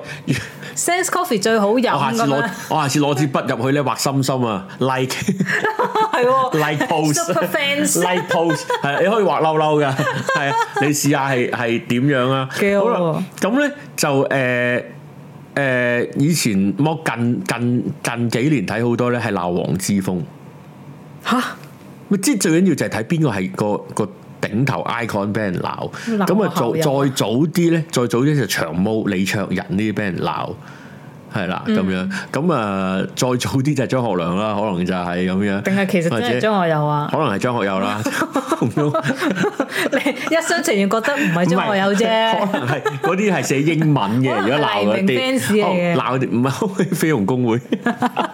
，sense coffee 最好飲，我下次攞我下次攞支筆入去咧畫心心啊，like 係 like post，like post 係你可以畫嬲嬲噶，係啊你試下係係點樣啊？幾好啦，咁咧就誒。誒、呃、以前摸近近近幾年睇好多咧，係鬧黃之鋒，嚇咪即最緊要就係睇邊個係個個頂頭 icon 俾人鬧咁啊！再再早啲咧，再早啲就長毛李卓人呢啲俾人鬧。係啦，咁、嗯、樣咁啊、嗯，再早啲就係張學良啦，可能就係咁樣。定係其實即係張學友啊？可能係張學友啦， 你一廂情願覺得唔係張學友啫？可能係嗰啲係寫英文嘅，如果鬧嗰啲鬧唔係飛鴻公會。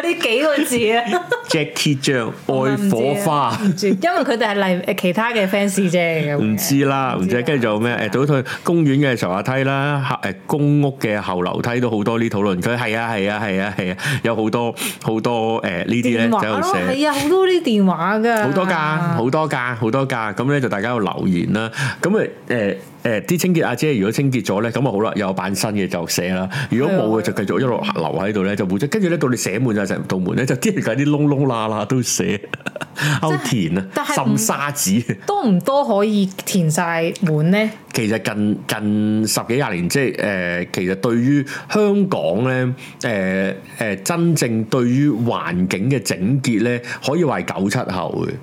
呢幾個字啊？Jackie 張愛火花，因為佢哋係嚟誒其他嘅 fans 啫。唔知啦，唔知。跟住仲有咩？誒，早退公園嘅上下梯啦，誒公屋嘅後樓梯都好多呢討論區。係啊，係啊，係啊，係啊，有好多好多誒呢啲喺度寫。係啊，好多呢啲電話㗎，好多㗎，好多㗎，好多㗎。咁咧就大家喺度留言啦。咁誒誒。誒，啲、呃、清潔阿姐，姐如果清潔咗咧，咁啊好啦，又有版新嘅就寫啦。如果冇嘅就繼續一路留喺度咧，就冇的。咗。跟住咧，到你寫滿晒成道門咧，就啲人搞啲窿窿罅罅都寫，好甜啊！ 填浸沙子多唔多可以填晒滿咧？其實近近十幾廿年，即係、呃、誒，其實對於香港咧，誒、呃、誒、呃，真正對於環境嘅整潔咧，可以話係九七後嘅。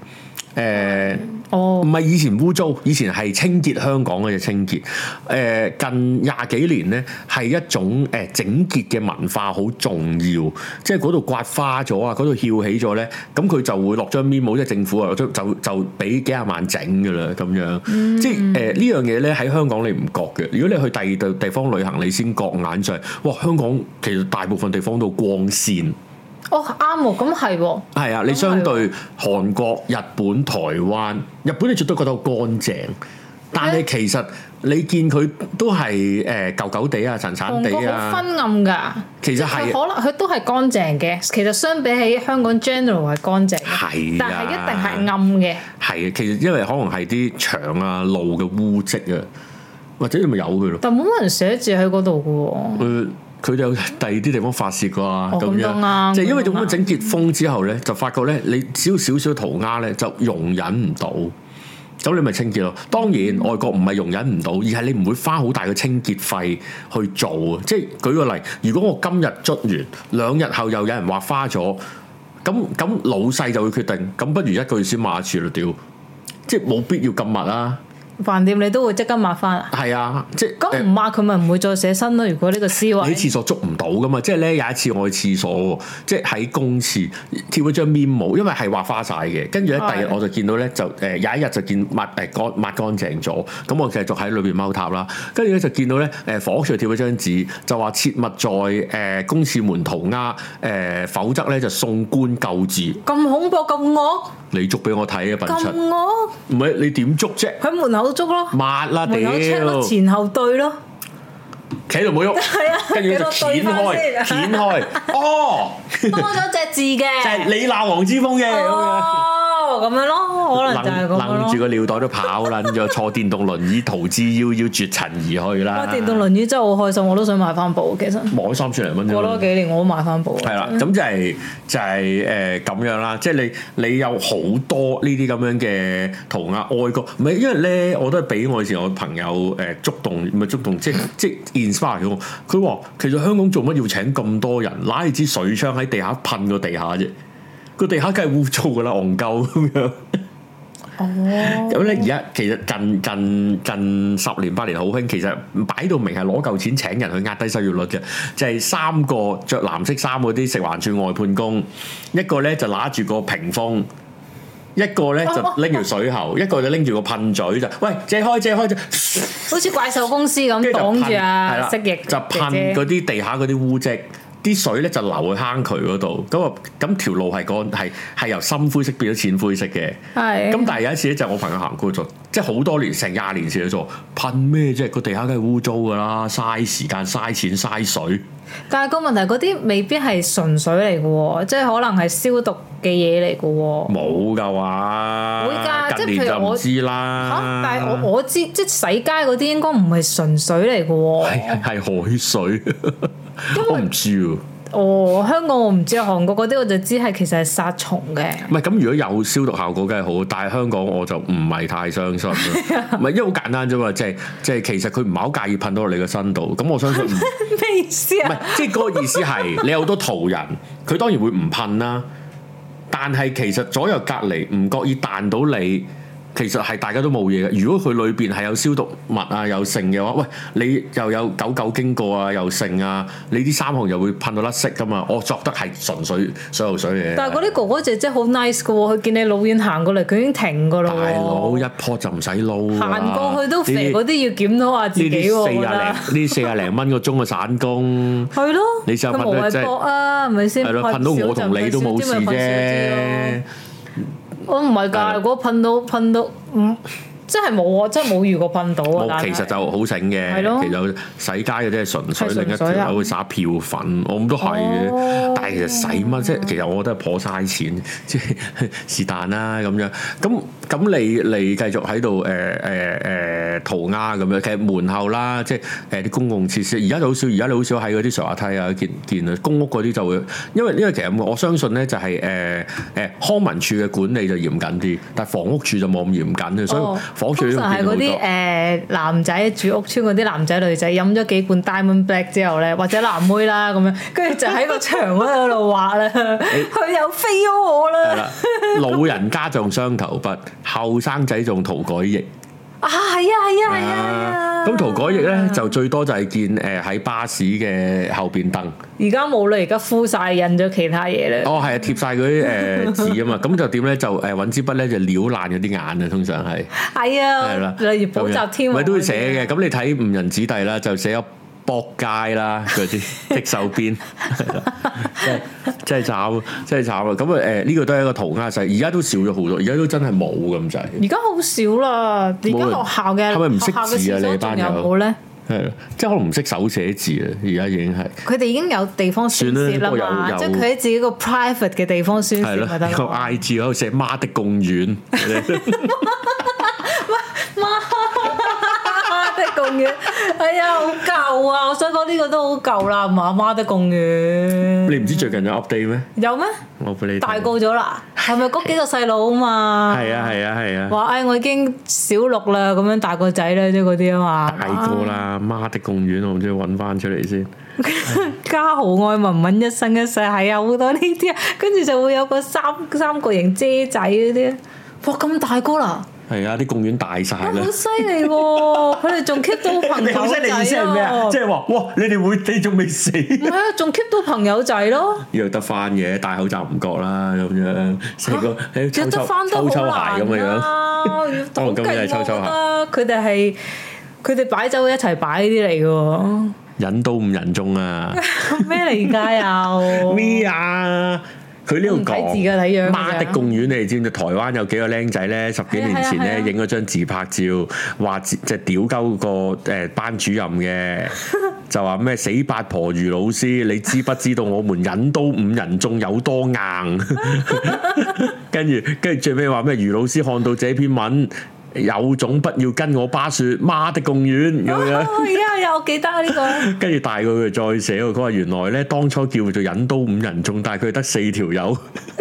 誒，唔係、呃 oh. 以前污糟，以前係清潔香港嘅清潔。誒、呃，近廿幾年咧，係一種誒、呃、整潔嘅文化好重要。即係嗰度刮花咗啊，嗰度翹起咗咧，咁佢就會落張面膜，即係政府啊，就就俾幾廿萬整㗎啦，咁樣。Mm. 即係誒、呃、呢樣嘢咧，喺香港你唔覺嘅。如果你去第二度地方旅行，你先覺眼上，哇！香港其實大部分地方都光鮮。哦，啱喎，咁係喎。係啊，你相對韓國、日本、台灣、日本，你絕對覺得好乾淨，Yeah? 但係其實你見佢都係誒、uh, 舊舊地啊、殘殘地啊，昏暗噶。其實係可能佢都係乾淨嘅，其實相比起香港 general 係乾淨，係，Yeah? 但係一定係暗嘅。係啊，其實因為可能係啲牆啊、路嘅污跡啊，或者你咪有佢咯？但冇乜人寫字喺嗰度嘅喎。Uh, 佢就第二啲地方發泄啩，咁、哦、樣，即係 因為做乜整潔風之後咧，就發覺咧，你少少少塗鴉咧就容忍唔到，咁你咪清潔咯。當然外國唔係容忍唔到，而係你唔會花好大嘅清潔費去做。即係舉個例，如果我今日捽完，兩日後又有人畫花咗，咁咁老細就會決定，咁不如一個月先抹一次咯，屌！即係冇必要咁密啦。飯店你都會即刻抹返啊？係啊，即係咁唔抹佢咪唔會再寫身咯？如果呢個私話喺廁所捉唔到㗎嘛，即係咧有一次我去廁所，即係喺公廁貼咗張面毛，因為係畫花晒嘅。跟住咧第二日，我就見到咧就誒、呃、有一日就見抹誒乾抹乾淨咗，咁我繼續喺裏邊踎塔啦。跟住咧就見到咧誒房上貼咗張紙，就話切勿在誒、呃、公廁門塗鴉，誒、呃、否則咧就送官究治。咁恐怖咁惡！你捉俾我睇啊！笨柒咁唔係你點捉啫？喺門口捉咯，抹啦地，前後對咯，企度冇喐，係啊，跟住就掀開，掀 開， 哦，多咗隻字嘅，就係你鬧黃之鋒嘅咁樣。 哦咁樣咯，可能就係咁樣咯。掹住個尿袋都跑啦，就 坐電動輪椅逃之夭夭，絕塵而去啦。坐電動輪椅真係好開心，我都想買翻部。其實，冇三千零蚊過多幾年我都買翻部。係啦了，咁、嗯、就係、是、就係誒咁樣啦。即係你你有好多呢啲咁樣嘅塗鴉，愛國唔係因為咧，我都係俾我以前我朋友誒、呃、觸動，唔係觸動，即係即係 inspire 咗我。佢話其實香港做乜要請咁多人，拉攞支水槍喺地下噴個地下啫。個地下梗係污糟噶啦，戇鳩咁樣。哦，咁咧而家其實近近近十年八年好興，其實擺到明係攞嚿錢請人去壓低失業率嘅，就係、是、三個着藍色衫嗰啲食環處外判工，一個咧就揦住個屏風，一個咧就拎住水喉，oh. 一個就拎住個噴嘴就，喂，遮開遮開，借開借開，好似怪獸公司咁擋住啊，了蜥蜴，就噴嗰啲地下嗰啲污跡。啲水咧就流去坑渠嗰度，咁啊，咁條路係乾，係係由深灰色變咗淺灰色嘅。係。咁但係有一次咧，就我朋友行過咗，即係好多年，成廿年前去做，噴咩？即係個地下梗係污糟噶啦，嘥時間、嘥錢、嘥水。但係個問題，嗰啲未必係純水嚟嘅喎，即係可能係消毒嘅嘢嚟嘅喎。冇嘅話，會㗎。即係佢又唔知啦，但係我我知，即係洗街嗰啲應該唔係純水嚟嘅喎，係係海水。 我唔知哦，香港我唔知，韓國嗰啲我就知係其實係殺蟲嘅。唔係咁，如果有消毒效果梗係好，但係香港我就唔係太相信。唔係 因為好簡單啫嘛，即係即係其實佢唔係好介意噴到你嘅身度。咁我相信唔咩 意思啊？唔係即係嗰個意思係你有好多途人，佢當然會唔噴啦。但係其實左右隔籬唔覺意彈到你。其實係大家都冇嘢嘅。如果佢裏邊係有消毒物啊，有剩嘅話，喂，你又有狗狗經過啊，又剩啊，你啲衫號又會噴到甩色噶嘛？我作得係純粹水喉水嘅。但係嗰啲哥哥姐姐好 nice 噶喎，佢見你老遠行過嚟，佢已經停㗎啦。大佬一坡就唔使撈。行過去都肥，嗰啲要檢討下自己。呢四廿零，呢四廿零蚊個鐘嘅散工。係咯，你上百度係咪先？係咯，噴到我同你都冇事啫。我唔係㗎，我噴到噴到，嗯。真係冇啊！真係冇遇過噴到啊！是其實就好醒嘅，的其實洗街嘅真係純粹另一條友去撒票粉，我諗都係嘅。哦、但係其實使乜即係其實我覺得係頗嘥錢，即係是但啦咁樣。咁咁你你繼續喺度誒誒誒塗鴉咁樣，其實門後啦，即係誒啲公共設施，而家就好少，而家你好少喺嗰啲上下梯啊見見啊公屋嗰啲就會，因為因為其實我相信咧就係誒誒康文署嘅管理就嚴謹啲，但係房屋處就冇咁嚴謹啊，所以。火通常係嗰啲誒男仔住屋村嗰啲男仔女仔飲咗幾罐 Diamond Black 之後咧，或者藍妹啦咁樣，跟住就喺個牆度喺度畫啦，佢 又飛咗我啦了。 老人家仲雙頭筆，後生仔仲塗改液。啊，係啊，係啊，係啊！咁塗改液咧就最多就係見誒喺巴士嘅後邊凳。而家冇啦，而家敷晒印咗其他嘢啦。哦，係啊，貼晒嗰啲誒紙啊嘛。咁就點咧？就誒，穩支筆咧就撩爛嗰啲眼啊，通常係。係啊，例如補習添。係都會寫嘅。咁你睇《誤人子弟》啦，就寫咗。仆街啦嗰啲，即手邊，真真係慘，真係慘啊！咁啊誒，呢個都係一個塗鴉勢，而家都少咗好多，而家都真係冇咁滯。而家好少啦，而家學校嘅係咪唔識字啊？你班友好咧，係即係可能唔識手寫字啊！而家已經係，佢哋已經有地方書寫啦嘛，即係佢喺自己個 private 嘅地方書寫就得。個 IG 喺度寫媽的公園。 哎呀，好舊啊！我想講呢個都好舊啦，唔係阿媽的公園。你唔知最近有 update 咩？有咩嗎？我俾你大個咗啦，係咪嗰幾個細佬啊嘛？係啊係啊係啊！話、啊啊、哎，我已經小六啦，咁樣大個仔啦，即嗰啲啊嘛。大個啦，媽、哎、的公園，我唔知要搵翻出嚟先。 家豪愛文，文文一生一世，係啊，好多呢啲啊，跟住就會有個三三角形姐仔嗰啲，哇，咁大個啦！係啊！啲公園大晒啦，好犀利喎！佢哋仲 keep 到朋友仔啊！犀利，意思係咩啊！即係話，哇！你哋會你仲未死？仲 keep 到朋友仔咯！約得翻嘅，戴口罩唔覺啦，咁樣成個、哎、抽抽翻抽抽鞋咁嘅樣。當然、啊、 今日又抽抽鞋，佢哋係佢哋擺酒一齊擺呢啲嚟嘅喎。忍都唔忍中啊！咩嚟噶又咩啊？佢呢度講媽的公園，你哋知唔知？台灣有幾個僆仔呢？十幾年前呢，影咗、啊啊、張自拍照，話即係屌鳩個誒、欸、班主任嘅， 就話咩死八婆余老師，你知不知道我們忍刀五人眾有多硬？跟住跟住最尾話咩余老師看到這篇文。有種不要跟我巴說媽的咁遠咁樣。而家又記得呢個。跟住大個佢再寫，佢話原來咧當初叫做忍刀五人眾，但係佢得四條友，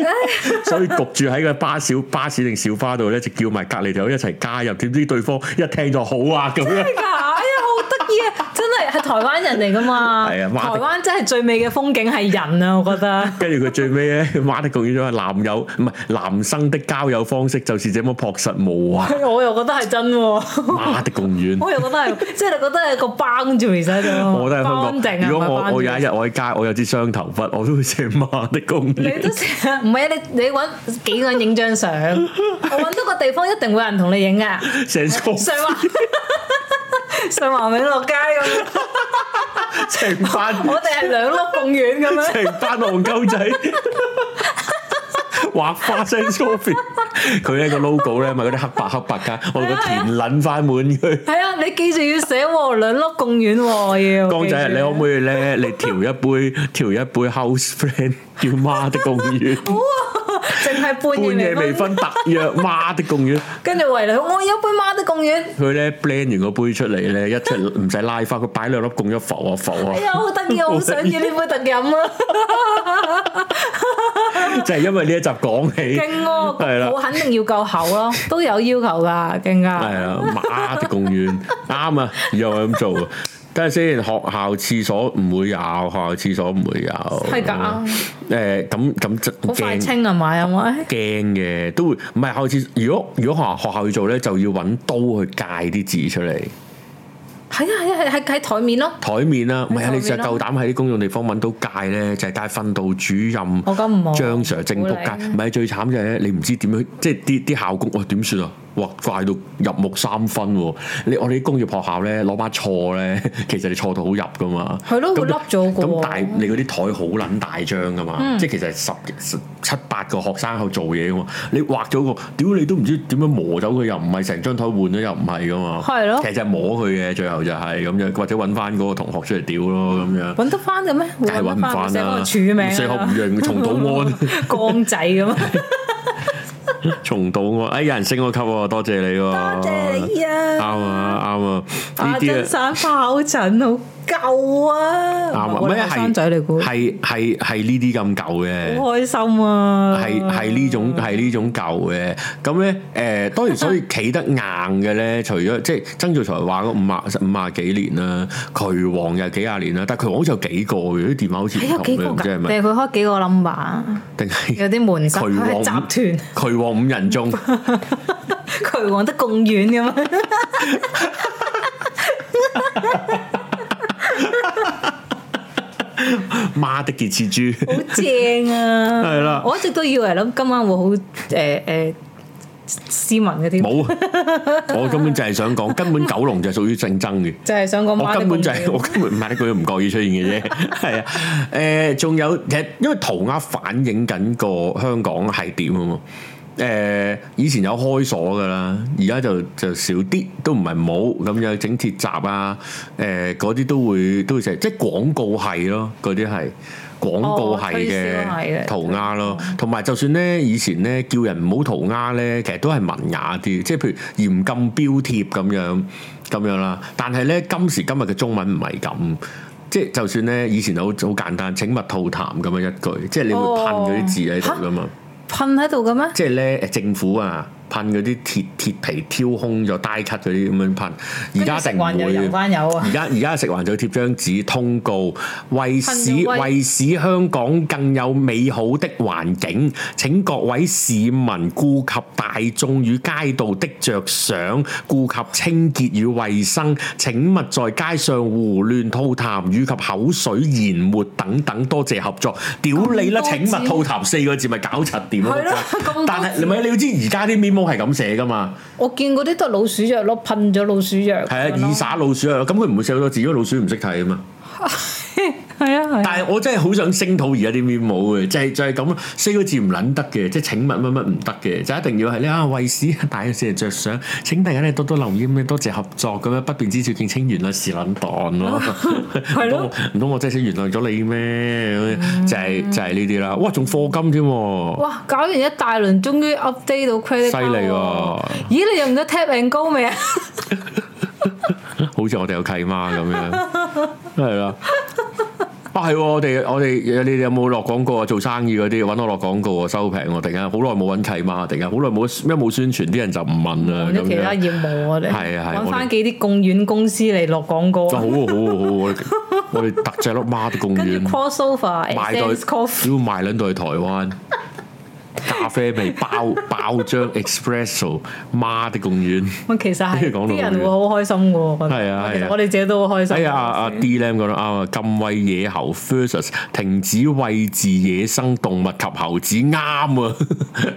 所以焗住喺個巴小巴士定小巴度咧，就叫埋隔籬條友一齊加入，點知對方一聽就好啊咁樣。真係噶？哎呀，好得。 台灣人嚟㗎嘛？係啊，台灣真係最美嘅風景係人啊，我覺得。跟住佢最尾咧，馬的公園中，男友唔係男生的交友方式就是這麼樸實無華。我又覺得係真喎，馬的公園。我又覺得係，即係你覺得係個班住未使㗎。我都得係班正啊！如果我我有一日我喺街，我有支雙頭筆，我都會寫馬的公園。你都寫？唔係啊，你你揾幾個人影張相，我揾到個地方一定會有人同你影嘅。成組上華美落街咁，成 情班 我哋係兩粒貢丸咁樣，成班戇鳩仔畫花生粗邊，佢呢個 logo 咧咪嗰啲黑白黑白間，我哋、啊、個田捻翻滿佢。係啊， 你記住要寫喎，兩粒貢丸喎要。江仔，你可唔可以咧？你調一杯，調一杯 House Friend 叫媽的貢丸。 半夜未婚特約孖的公園，跟住圍嚟，我有一杯孖的公園。佢咧 blend 完個杯出嚟咧，一齊唔使拉花，佢擺兩粒貢一浮啊浮啊！哎呀，好得意好想要呢杯特飲啊！就係因為呢一集講起，勁啊、哦！我了肯定要夠厚咯，都有要求噶，更加係啊！孖、 哎、的公園啱啊，以後咁做。等下先，學校廁所唔會有，學校廁所唔會有。係㗎的，誒咁咁真好快清係、啊、嘛？有冇？驚嘅都會，唔係學校廁。如果如果學校學校去做咧，就要揾刀去戒啲字出嚟。係啊係啊係喺台面咯，台是面啦，唔係啊！你就夠膽喺啲公用地方揾到戒咧，就係、是、戒訓導主任。我覺得唔好張 Sir 正督戒，唔係寧最慘就係咧？你唔知點樣，即係啲啲校工哇點算啊？畫快到入木三分喎、哦！你我哋啲工業學校咧攞把錯咧，其實你錯到好入噶嘛。係咯了，佢笠咗嘅。咁大你嗰啲台好撚大張噶嘛？嗯、即係其實十十七八個學生喺度做嘢喎。你畫咗個屌，你都唔知點樣磨走佢，又唔係成張台換咗，又唔係噶嘛。係咯了，其實係摸佢嘅，最後就係咁樣，或者揾翻嗰個同學出嚟屌咯，咁樣。揾得翻嘅咩？梗係揾唔翻啦！最後唔讓重到安 光仔咁的 重到我、啊，哎，有人升我級，多謝你，多謝你啊，啱啊，啱啊，阿珍生炮疹好！ 舊啊，啱咩係係係呢啲咁舊嘅？好開心啊！係係呢種係呢種舊嘅。咁咧誒，當然所以企得硬嘅咧， 除咗即係曾灶財話咗五啊五啊幾年啦，渠王又幾廿年啦。但渠王好似有幾個嘅啲電話唔同，好似有幾個㗎，係咪佢開幾個 number？定係有啲門渠王集團，渠王五人中， 渠王得咁遠嘅咩？ 媽的豬，見似豬，好正啊！係啦 了，我一直都以為諗今晚會好誒誒斯文啲添，冇， 我根本就係想講，根本九龍就屬於競爭嘅，就係想講，就是，我根本就係、是、我根本唔係一個唔覺意出現嘅啫，係 啊，誒、呃，仲有，其實因為塗鴉反映緊個香港係點啊嘛。誒以前有開鎖噶啦，而家就就少啲，都唔係冇咁樣整鐵閘啊！誒嗰啲都會都會寫，即係廣告係咯，嗰啲係廣告係嘅塗鴉咯。同埋、哦、就算咧，以前咧叫人唔好塗鴉咧，其實都係文雅啲，即係譬如嚴禁標貼咁樣咁樣啦。但係咧，今時今日嘅中文唔係咁，即係就算咧以前好好簡單，請勿吐痰咁樣一句，即係你會噴嗰啲字喺度噶嘛。哦。噴喺度嘅咩？即係咧，誒政府啊！噴嗰啲鐵鐵皮挑空又呆七嗰啲咁樣噴，而家定會。而家而家食環就貼張紙通告，為使為使香港更有美好的環境，請各位市民顧及大眾與街道的著想，顧及清潔與衛生，請勿在街上胡亂吐痰與及口水淹沒等等，多謝合作。屌你啦！請勿吐痰四個字咪搞柒掂咯，但係你咪你要知而家啲面。貓係咁寫噶嘛？我見嗰啲都係老鼠藥咯，噴咗老鼠藥。係啊，二灑老鼠藥咯，咁佢唔會寫到自己老鼠唔識睇啊嘛。係啊， 但係我真係好想聲討而家啲面冇嘅，就係就係咁咯。四個字唔撚得嘅，即係請勿乜乜唔得嘅，就一定要係咧啊！為市大市着想，請大家多多留意，咩多謝合作咁樣，不便之處敬請原啊，是撚檔咯。唔通我真係想原諒咗你咩、 嗯就是？就係就係呢啲啦。哇，仲課金添、啊、喎！哇，搞完一大輪，終於 update 到 credit card，犀利喎。啊、咦？你用咗 tap and go 未啊？ 好似我哋有契媽咁樣，係啦。啊，係喎、啊！我哋我哋你哋有冇落廣告啊？做生意嗰啲揾我落廣告啊，收平我突然間好耐冇揾契媽、啊，突然間好耐冇咩冇宣傳，啲人就唔問啦咁樣。其他業務我哋係啊係，揾翻幾啲公園公司嚟落廣告、啊。好好好，好 我哋特製碌媽嘅公園。Crossover 賣對，主要 賣兩對去台灣。 咖啡味爆爆漿 espresso 孖啲咁遠，其實係啲人會好開心噶我係啊係啊，我哋自己都好開心。哎呀，阿 D 咧講得啱啊，禁喂野猴 versus 停止喂飼野生動物及猴子啱啊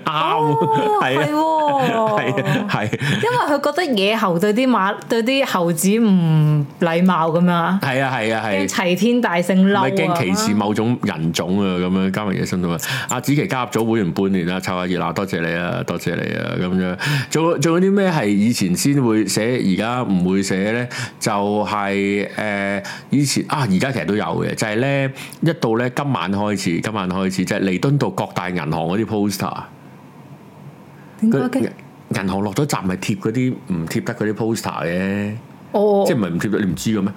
啱，係係係，因為佢覺得野猴對啲馬對啲猴子唔禮貌咁樣，係啊係啊係，齊天大聖嬲，驚歧視某種人種啊咁樣加埋野生動物。阿紫琪加入咗會員半年啦，湊下熱鬧，多謝你啊，多謝你啊，咁樣仲仲有啲咩係以前先會寫，而家唔會寫呢？就係、是、誒、呃、以前啊，而家其實都有嘅，就係、是、呢。一到呢，今晚開始，今晚開始就係、是、彌敦道各大銀行嗰啲 poster。點解嘅？銀行落咗站咪貼嗰啲唔貼得嗰啲 poster 嘅？哦，即係唔係唔貼咗？你唔知嘅咩？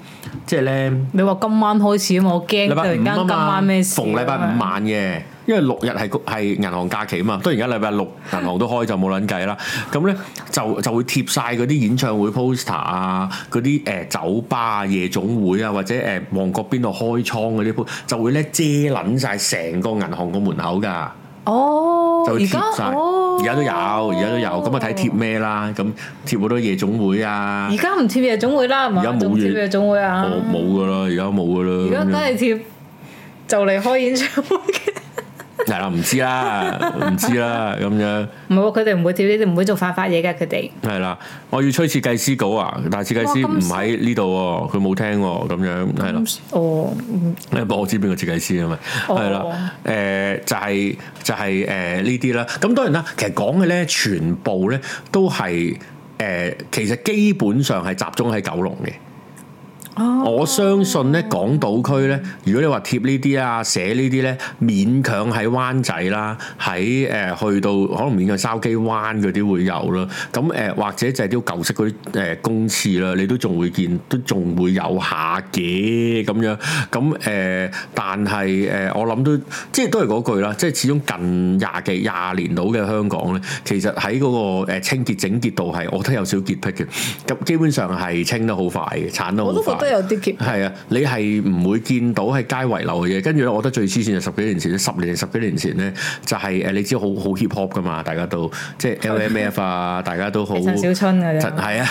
即係咧，你話今晚開始，我驚，突然間今晚咩事？逢禮拜五晚嘅，因為六日係公係銀行假期啊嘛。當然而家禮拜六銀行都開就冇捻計啦。咁咧 就就會貼晒嗰啲演唱會 poster 啊，嗰啲誒酒吧夜總會啊，或者誒、呃、旺角邊度開倉嗰啲鋪，就會咧遮捻晒成個銀行個門口噶。哦，oh，就貼曬，而家、oh。都有，而家都有，咁啊睇貼咩啦，咁、oh。貼好多夜總會啊！而家唔貼夜總會啦，而家冇夜總會啊。而家冇㗎喇，而家冇㗎喇。而家都係貼， 就嚟開演唱會嘅。係啦，唔知啦，唔知啦，咁樣。唔係喎，佢哋唔會跳，你哋唔會做犯法嘢噶。佢哋係啦，我要吹設計師稿啊，但係設計師唔喺呢度，佢冇聽咁樣，係咯哦。你唔我知邊個設計師吖嘛，係啦，誒，就係就係誒呢啲啦。咁當然啦，其實講嘅咧，全部咧都係誒，其實基本上係集中喺九龍嘅。我相信咧，港島區咧，如果你話貼呢啲啊、寫呢啲咧，勉強喺灣仔啦，喺誒、呃、去到可能勉強筲箕灣嗰啲會有咯。咁誒、呃，或者就係啲舊式嗰啲誒公廁啦，你都仲會見，都仲會有下嘅咁樣。咁、呃、誒，但係誒、呃，我諗都即係都係嗰句啦，即係始終近廿幾廿年到嘅香港咧，其實喺嗰個清潔整潔度係，我覺得有少少潔癖嘅。咁基本上係清得好快嘅，鏟得好快。都有啲 heat，係啊！你係唔會見到喺街圍流嘅嘢，跟住咧，我覺得最黐線就十幾年前，十年十幾年前咧，就係誒，你知好好 hip hop 㗎嘛？大家都即係 L M F 啊，大家都好。陳小春啊，啲係啊！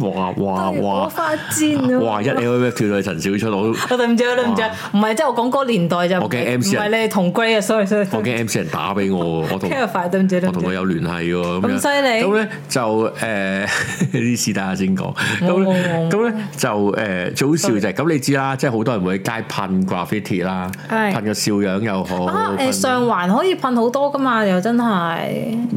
哇哇哇！多過發展喎！哇！一 L M F 去到，陳小春我我對唔住，我對唔住，唔係即係我講嗰個年代就唔係你同 g 啊，sorry sorry。我驚 M C 人打俾我，我同佢快對唔住，我同佢有聯繫喎。咁犀利咁咧就誒，啲是大家先講咁咁咧就誒。最好笑就係咁，對你知啦，即係好多人會喺街噴 graffiti 啦，是噴個笑樣又好。啊，誒、啊，上環可以噴好多噶嘛，又真係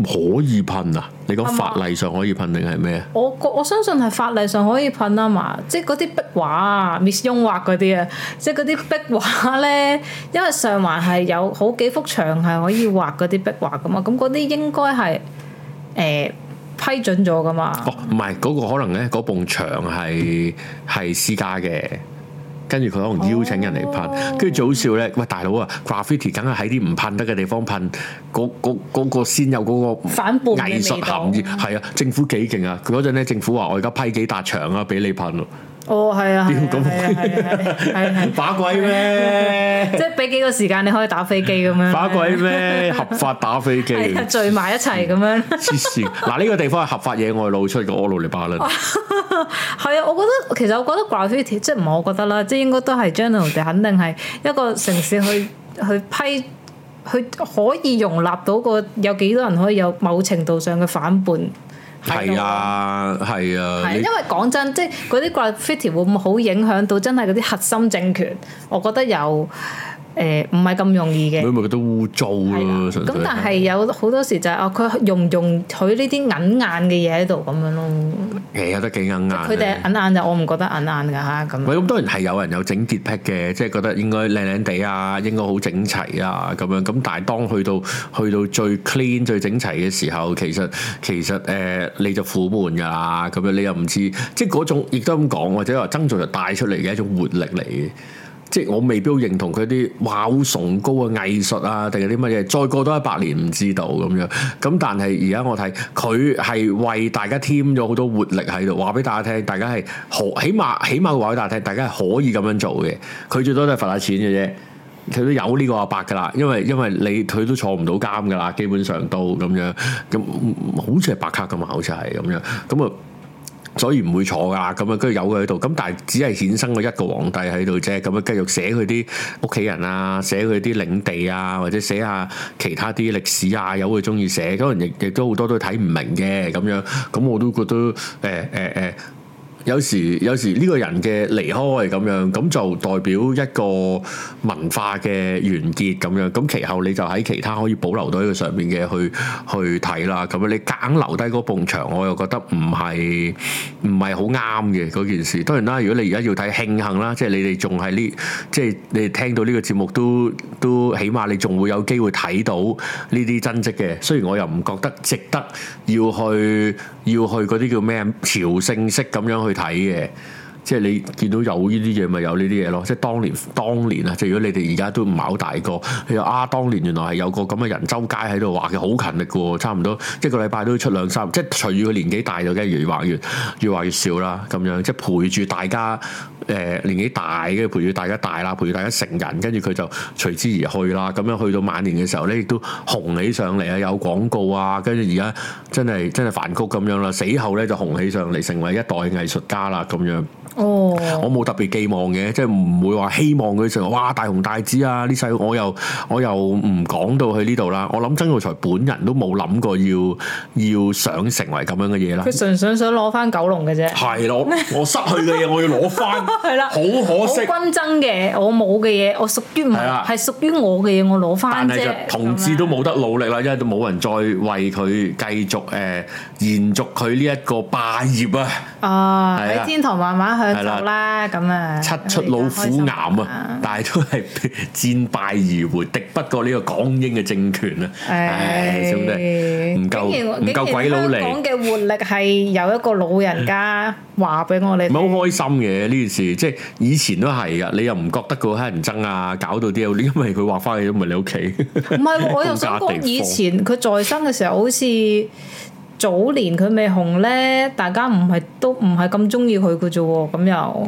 可以噴啊！你講法例上可以噴定係咩啊？嗎我我相信係法例上可以噴啊嘛，即係嗰啲壁畫啊，Miss Yong 畫嗰啲啊，即係嗰啲壁畫咧，因為上環係有好幾幅牆係可以畫嗰啲壁畫噶嘛，咁嗰啲應該係誒。呃批准咗㗎嘛？哦、oh，唔係嗰個可能咧，嗰、那、埲、個、牆係係私家嘅，跟住佢可能邀請人嚟噴。跟住、oh. 早笑咧，喂，大佬啊，graffiti 梗係喺啲唔噴得嘅地方噴，嗰、那個那個先有嗰個反叛藝術涵義。係啊，政府幾勁啊！嗰陣咧，政府話我而家批幾笪牆啊，俾你噴咯。哦，係啊，咁樣。係啊，係啊樣，係啊 嗎，把鬼咩？即係俾幾個時間你可以打飛機咁樣？把鬼咩？ 合法打飛機？ 聚埋一齊咁樣？嗱，呢、呢個地方係合法野外露出個阿魯尼巴倫。係啊，我覺得其實我覺得掛飛機，即係唔係我覺得啦，即係應該都係 journal 嘅肯定係一個城市去去批，佢可以容納到、嗰個有幾多人可以有某程度上嘅反叛。係啊，係啊，因為講真，即係嗰啲 graffiti 會唔會好影響到真係嗰啲核心政權？我覺得有。誒唔係咁容易嘅，佢咪覺得污糟咯。咁的粹但係有好多時就係、是、哦，佢用唔用佢呢啲礙眼嘅嘢喺度咁樣咯。其、嗯、有都幾礙眼？佢哋礙眼就我唔覺得礙眼噶嚇咁。喂，咁、嗯、當然係有人有整潔癖嘅，即係覺得應該靚靚地啊，應該好整齊啊咁樣。咁但係當去到去到最 clean 最整齊嘅時候，其實其實誒、呃、你就苦悶㗎啦。咁樣你又唔知即係嗰種，亦都咁講，或者話曾灶財就帶出嚟嘅一種活力嚟嘅。即係我未必好認同佢啲話好崇高嘅藝術啊，定係啲乜嘢？再過多一百年唔知道咁樣。咁但係而家我睇佢係為大家添咗好多活力喺度，話俾大家聽，大家係可起碼起碼話俾大家聽，大家係可以咁樣做嘅。佢最多都係罰下錢嘅啫。佢都有呢個阿伯㗎啦，因為因為你佢都坐唔到監㗎啦，基本上都咁樣。咁好似係白卡咁嘛，好似係咁樣。咁啊～所以唔會坐噶，咁樣跟住有佢喺度，咁但係只係衍生咗一個皇帝喺度啫，咁樣，樣繼續寫佢啲屋企人啊，寫佢啲領地啊，或者寫下其他啲歷史啊，有佢中意寫，當然亦亦都好多都睇唔明嘅咁樣，咁我都覺得誒誒誒。欸欸欸有時有時呢個人嘅離開，咁樣，咁就代表一個文化嘅完結，咁樣，咁其後你就喺其他可以保留到呢個上面嘅去去睇啦。咁樣你夾硬留低嗰埲牆，我又覺得唔係唔係好啱嘅件事。當然啦，如果你而家要睇慶幸啦，即係你哋仲係呢，即係你哋聽到呢個節目，都都起碼你仲會有機會睇到呢啲真迹嘅雖然我又唔覺得值得要去要去啲叫咩朝聖式咁樣去。去睇嘅。即係你見到有呢啲嘢，咪有呢啲嘢咯。即係當年當年啊！即係如果你哋而家都唔係好大個，你話啊，當年原來係有個咁嘅人周街喺度畫嘅，好勤力嘅喎，差唔多一個禮拜都要出兩三。即係隨住佢年紀大就，梗係越畫越越畫越少啦。咁樣即係陪住大家誒、呃、年紀大嘅，陪住大家大啦，陪住大家成人，跟住佢就隨之而去啦。咁樣去到晚年嘅時候咧，亦都紅起上嚟啊，有廣告啊，跟住而家真係真係繁曲咁樣啦。死後咧就紅起上嚟，成為一代藝術家啦，咁樣。哦，我冇特別寄望嘅，即係唔會話希望佢成，哇大紅大紫啊！呢世我又我又唔講到去呢度啦。我諗曾灶財本人都冇諗過要要想成為咁樣嘅嘢啦。佢純粹想攞翻九龍嘅啫。係咯，我失去嘅嘢我要攞翻。係啦，好可惜。均爭嘅，我冇嘅嘢，我屬於唔係，係屬於我嘅嘢，我攞翻啫。但係就同志都冇得努力啦，因為都冇人再為佢繼續誒延續佢呢一個霸業啊！啊，喺天堂慢慢。係啦，咁啊、嗯，七出老虎岩啊，但係都係戰敗而回，敵不過呢個港英嘅政權啊，唉、哎，唔夠唔夠鬼佬嚟。竟然香港嘅活力係由一個老人家話俾我哋。唔好、嗯、開心嘅呢件事，即係以前都係啊，你又唔覺得佢黑人憎啊，搞到啲，因為佢畫翻去，因為你屋企。唔係、啊，我又想講，以前佢在生嘅時候好似。早年佢未紅咧，大家唔係都唔係咁中意佢嘅啫喎，咁又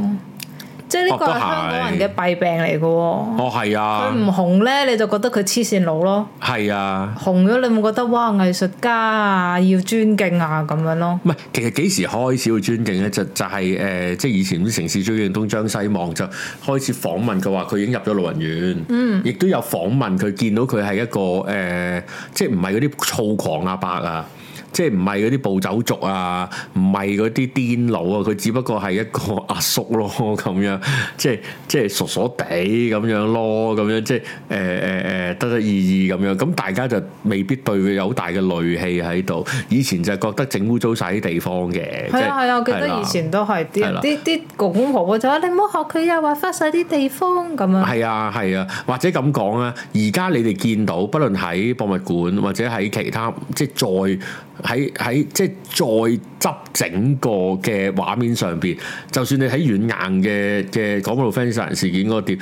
即係呢個係香港人嘅弊病嚟嘅喎。哦，係啊，佢唔紅咧，你就覺得佢黐線佬咯。係啊，紅咗你會覺得哇，藝術家啊，要尊敬啊咁樣咯。唔係，其實幾時開始要尊敬咧？就是、就係、是、誒、呃，即係以前啲城市追影東張西望就開始訪問佢話，佢已經入咗老人院。嗯，亦都有訪問佢，見到佢係一個誒、呃，即係唔係嗰啲躁狂阿伯啊？即係唔係嗰啲暴走族啊，唔係嗰啲癲佬啊，佢只不過係一個阿叔咯，咁樣即係即係傻傻地咁樣咯，咁樣即係誒誒誒得得意意咁樣。咁大家就未必對佢有好大嘅戾氣喺度。以前就覺得整污糟晒啲地方嘅。係 即啊，係啊，我記得以前都係啲啲啲公公婆婆就話：你唔好學佢又劃花晒啲地方咁樣。係啊係啊，或者咁講啊，而家你哋見到，不論喺博物館或者喺其他，即係再。喺喺即係再執整個嘅畫面上邊，就算你喺軟硬嘅嘅港府 fans 事件嗰碟，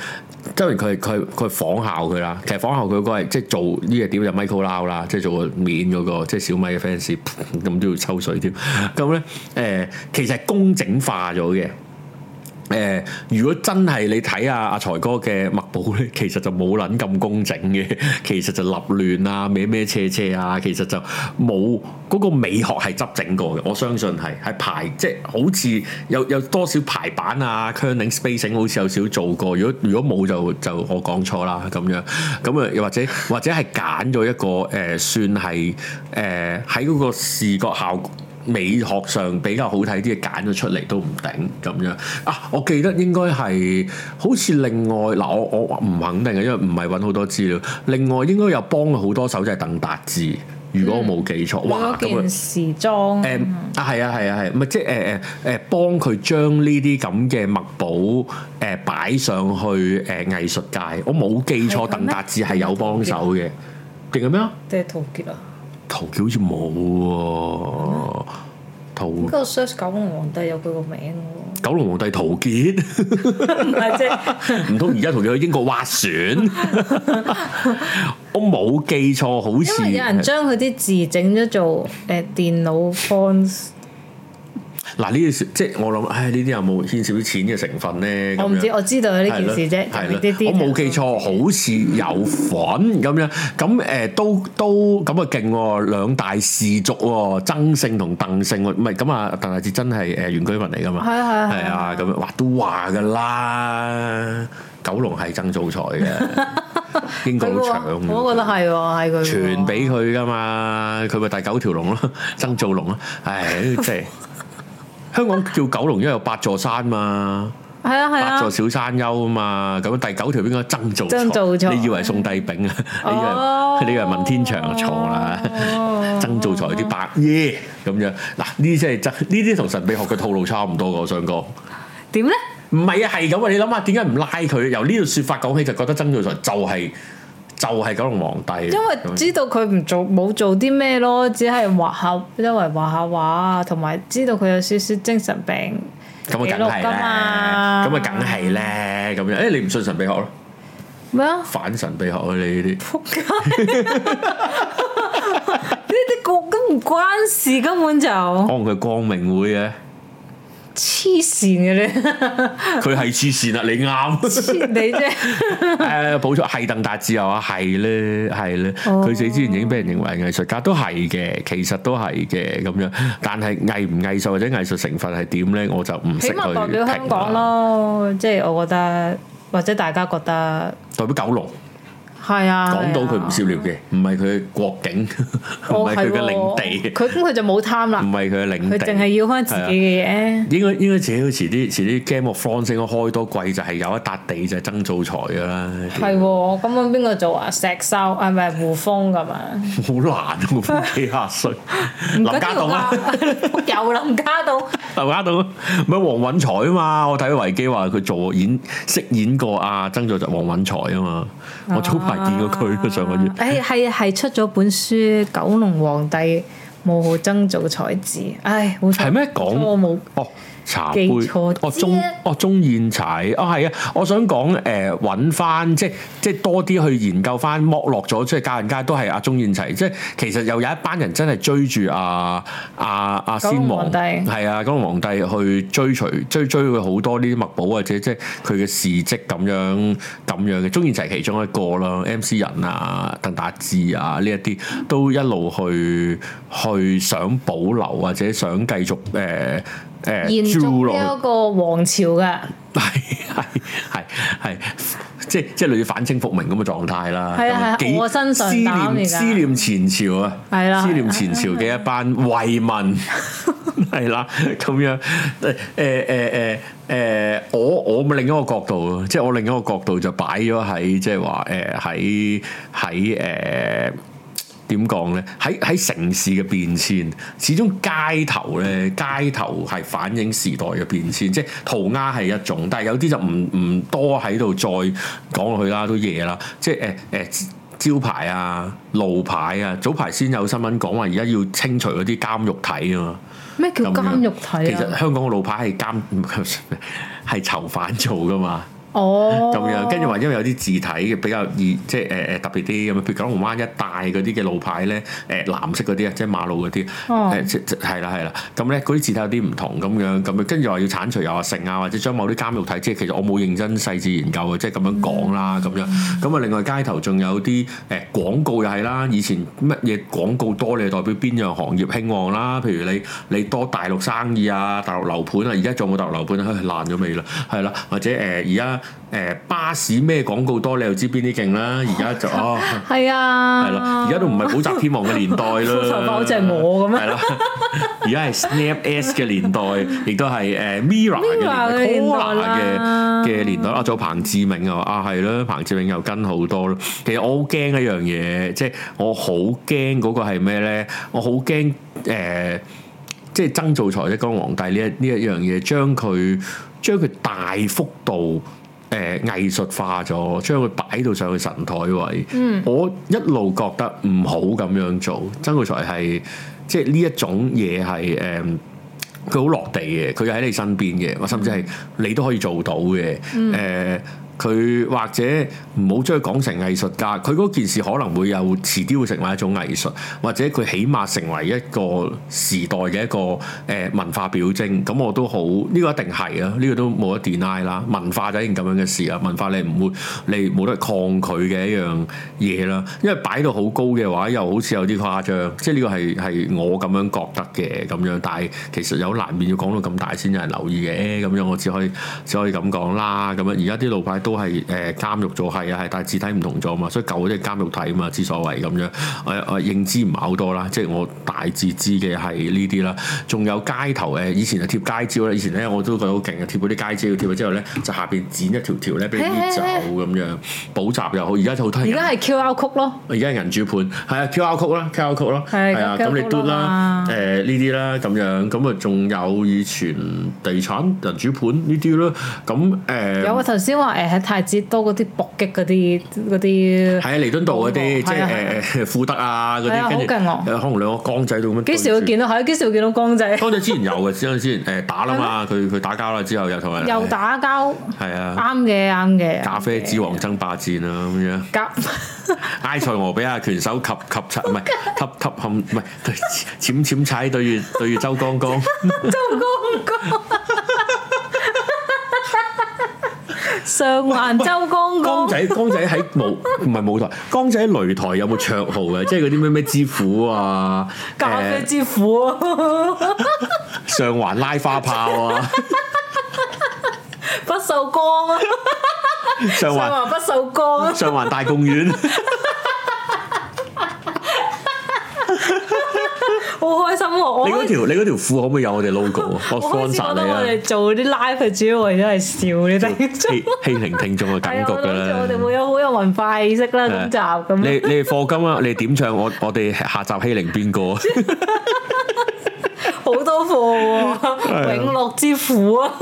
周延佢佢佢仿效佢啦，其實仿效佢個係即係做呢個碟就 Michael Lau 啦，即係做個面嗰個即係小米嘅 fans 咁都要抽水添，咁咧誒其實係工整化咗嘅。誒，如果真係你睇阿阿財哥嘅墨寶咧，其實就冇撚咁工整嘅，其實就立亂啊，歪歪斜斜啊，其實就冇嗰個美學係執整過嘅。我相信係係排，即係好似有有多少排版啊 kerning spacing 好似有少做過。如果如果冇就就我講錯啦咁樣，咁啊又或者或者係揀咗一個誒算係誒喺嗰個視覺效果。美學上比較好睇啲嘅揀咗出嚟都唔頂咁樣啊！我記得應該係好似另外嗱，我我唔肯定啊，因為唔係揾好多資料。另外應該有幫佢好多手，就係鄧達智。如果我冇記錯，嗯、哇咁啊時裝樣、呃、啊，係啊係啊係，唔係即係誒誒誒幫佢將呢啲咁嘅墨寶誒、呃、擺上去誒、呃、藝術界。我冇記錯，鄧達智係有幫手嘅。定係咩啊？即係陶傑啊？陶傑好似冇喎，咁我 search 九龍皇帝有佢個名喎、啊。九龍皇帝陶傑，唔係即係唔通而家同佢去英國划船？ 我冇記錯，好似因為有人將佢啲字整咗做誒電腦 font。 嗱呢啲事即係我諗，唉呢啲有冇牽涉啲錢嘅成分咧？我唔知，我知道有呢件事啫，啲啲的。我冇記錯，好似有份咁樣咁誒，都都咁啊勁！兩大氏族、哦，曾姓同鄧姓，唔係咁啊鄧大志真係誒、呃、原居民嚟㗎嘛？係的啊係啊係啊咁樣，哇都話㗎啦！九龍係曾造財曾灶財嘅， 英國好搶，我覺得係喎，係佢。傳俾佢㗎嘛，佢咪第九條龍咯，曾灶龍咯，唉即係。 香港叫九龍，因為有八座山嘛，係啊係啊，啊八座小山丘啊嘛，咁第九條邊個曾灶財？你以為宋帝昺啊？你以為你以為文天祥錯啦？哦、 曾灶財啲白衣咁樣嗱，呢啲即係呢啲同神秘學嘅套路差唔多。我想講點咧？唔係啊，係咁啊！你諗下，點解唔拉佢？由呢個說法講起，就覺得曾灶財就係、是。就係九龍皇帝，因為知道佢唔做冇做啲咩咯，只係畫下周圍畫下畫啊，同埋知道佢有少少精神病記錄噶嘛，咁啊梗係咧，咁樣誒你唔信神秘學咯咩啊？反神秘學啊你呢啲，仆街，呢啲個都唔關事，根本就當佢光明會嘅。黐線嘅咧，佢係黐線啊！你啱，黐你啫。誒，補充係鄧達志又話，係咧，係咧。佢、oh. 死之前已經俾人認為係藝術家，都係嘅，其實都係嘅咁樣。但係藝唔藝術或者藝術成分係點咧，我就唔識佢評啦。代表香港咯，即係我覺得，或者大家覺得代表九龍。係啊，講到佢唔涉料獵嘅，唔係佢國境，唔係佢嘅領地，佢咁佢就冇貪啦。唔係佢嘅領地，佢淨係要翻自己嘅嘢。應該自己遲啲遲啲 Game of Thrones 開多季就係有一笪地就係曾灶財噶啦。係喎，咁樣邊個做啊？石修，係咪胡楓噶嘛？好難喎，幾下歲。林家棟又林家棟，林家棟咪黃允財啊嘛？我睇維基話佢做演飾演過阿曾灶財就黃允財啊嘛。我啊！誒係啊，係、哎、出咗本書《 九龍皇帝武何曾灶財子》。唉，冇錯。係咩講？我冇哦。茶杯哦，鍾哦鍾燕齊哦，係啊，我想講誒，揾、呃、翻即即多啲去研究翻剝落咗，即係教人街都係阿鍾燕齊，即係其實又有一班人真係追住阿阿阿先皇，係啊，九龍皇帝去追隨追追佢好多呢啲墨寶或者即佢嘅事蹟咁樣咁樣嘅，鍾燕齊其中一個啦，MC 人啊，鄧達志啊呢一啲都一路去去想保留或者想繼續誒。呃延續一個王朝嘅， 係係係係，即係即係類似反清復明咁嘅狀態啦。係啊係，是我身上思念思念前朝啊，係啦，思念前朝嘅一班遺民，係啦咁樣。誒誒誒誒我我咪另一個角度即係、就是、我另一個角度就擺咗喺即係話誒喺喺誒。就是點講咧？喺喺城市嘅變遷，始終街頭咧，街頭係反映時代嘅變遷，即係塗鴉係一種，但係有啲就唔唔多喺度再講落去啦，都夜啦。即係誒誒招牌啊、路牌啊，早排先有新聞講話，而家要清除嗰啲監獄體啊嘛。咩叫監獄體啊？其實香港嘅路牌係監係囚犯做㗎嘛。 哦，咁、oh. 樣，跟住話，因為有啲字體比較易，即係誒誒特別啲咁譬如九龍灣一帶嗰啲嘅路牌咧，誒、呃、藍色嗰啲啊，即係馬路嗰啲，誒、oh. 呃，係啦係啦，咁咧嗰啲字體有啲唔同咁樣，咁跟住話要剷除又話成啊，或者將某啲監獄體，即係其實我冇認真細緻研究嘅，即係咁樣講啦，咁樣，咁啊，另外街頭仲有啲誒、呃、廣告又係啦，以前乜嘢廣告多，你就代表邊樣行業興旺啦，譬如你你多大陸生意啊，大陸樓盤啊，而家仲有冇大陸樓盤啊？爛咗未啦，係啦，或者誒而家。呃呃誒、呃，巴士咩廣告多，你又知邊啲勁啦？而家就哦，係啊，係咯，而家都唔係《補習天王》嘅年代啦，成日攞只摸咁樣，係啦，而家係 Snap S 嘅年代，亦都係誒 Mirror 嘅年代 Collar 嘅年代啊，咗彭志銘啊，啊係咯，彭志銘又跟好多咯。其實我好驚一樣嘢，即、就、係、是、我好驚嗰個係咩咧？我好驚誒，即、呃、係、就是、曾灶財九龍皇帝呢一呢一樣嘢，將佢將佢大，大幅度。誒、呃、藝術化咗，將佢擺到上去神台位。嗯、我一路覺得唔好咁樣做。曾灶財係即係呢一種嘢係誒，佢、呃、好落地嘅，佢喺你身邊嘅，甚至係你都可以做到嘅。誒、嗯。呃佢或者唔好將佢講成藝術家，佢件事可能會又遲啲會成為一種藝術，或者佢起碼成為一個時代嘅一個誒、呃、文化表徵，咁我都好，呢、呢個一定係啊，呢、呢個都冇得 deny 啦。文化就係件咁樣嘅事啊，文化你唔會你冇得抗拒嘅一樣嘢啦。因為擺到好高嘅話又好似有啲誇張，即係呢個係係我咁樣覺得嘅咁樣，但係其實有難免要講到咁大先有人留意嘅咁、欸、樣我只可以只可以咁講啦。咁樣而家啲路牌都。都係誒監獄做，係啊係，但係字體唔同咗嘛，所以舊嘅即係監獄體啊嘛，之所謂咁樣。我我認知唔係好多啦，即係我大致知嘅係呢啲啦。仲有街頭誒，以前啊貼街招啦，以前咧我都覺得好勁啊，貼嗰啲街招貼啊之後咧，就下邊剪一條條咧俾你捏走咁、欸欸欸、樣補習又好，而家就好多人。而家係 QR 曲咯，而家係人主盤，係咯啊 QR 曲啦，QR 曲啦，係啊咁你嘟 o 啦誒呢啲啦咁樣，咁啊仲有以前地產人主盤呢啲啦，咁誒有啊，頭先話誒喺。太子多嗰啲搏擊嗰啲啲，喺啊彌敦道嗰啲，即係誒誒富德啊嗰啲，跟住誒可能兩個光仔咁樣。幾時會見到？係幾時會見到光仔？光仔之前有嘅，之前誒打啦嘛，佢佢打交啦之後又同人。又打交？係啊，啱嘅啱嘅。咖啡之王爭霸戰啊咁樣。埃塞俄比亞拳手及及七唔係及及，冚，唔係，淺淺踩對住對住周江江。周江江。上環周公公仔公仔，喺舞唔係舞台，公仔喺擂台有冇綽號嘅？ 即係嗰啲咩咩之虎啊，咖啡之虎啊！呃、上環拉花炮啊， 不朽光啊，上環還不朽光、啊、上環大公園。 好開心喎、啊！你嗰條你嗰條褲可唔可以有我哋 logo 我你啊？我贊助你啦！做啲 live 主要為咗係笑你聽欺欺凌聽眾嘅感覺㗎啦！我哋會有好有文化氣息啦，今集咁。 你你哋課金啊！你點唱我我哋下集欺凌邊個、啊？好 多課喎、啊！永樂之父啊！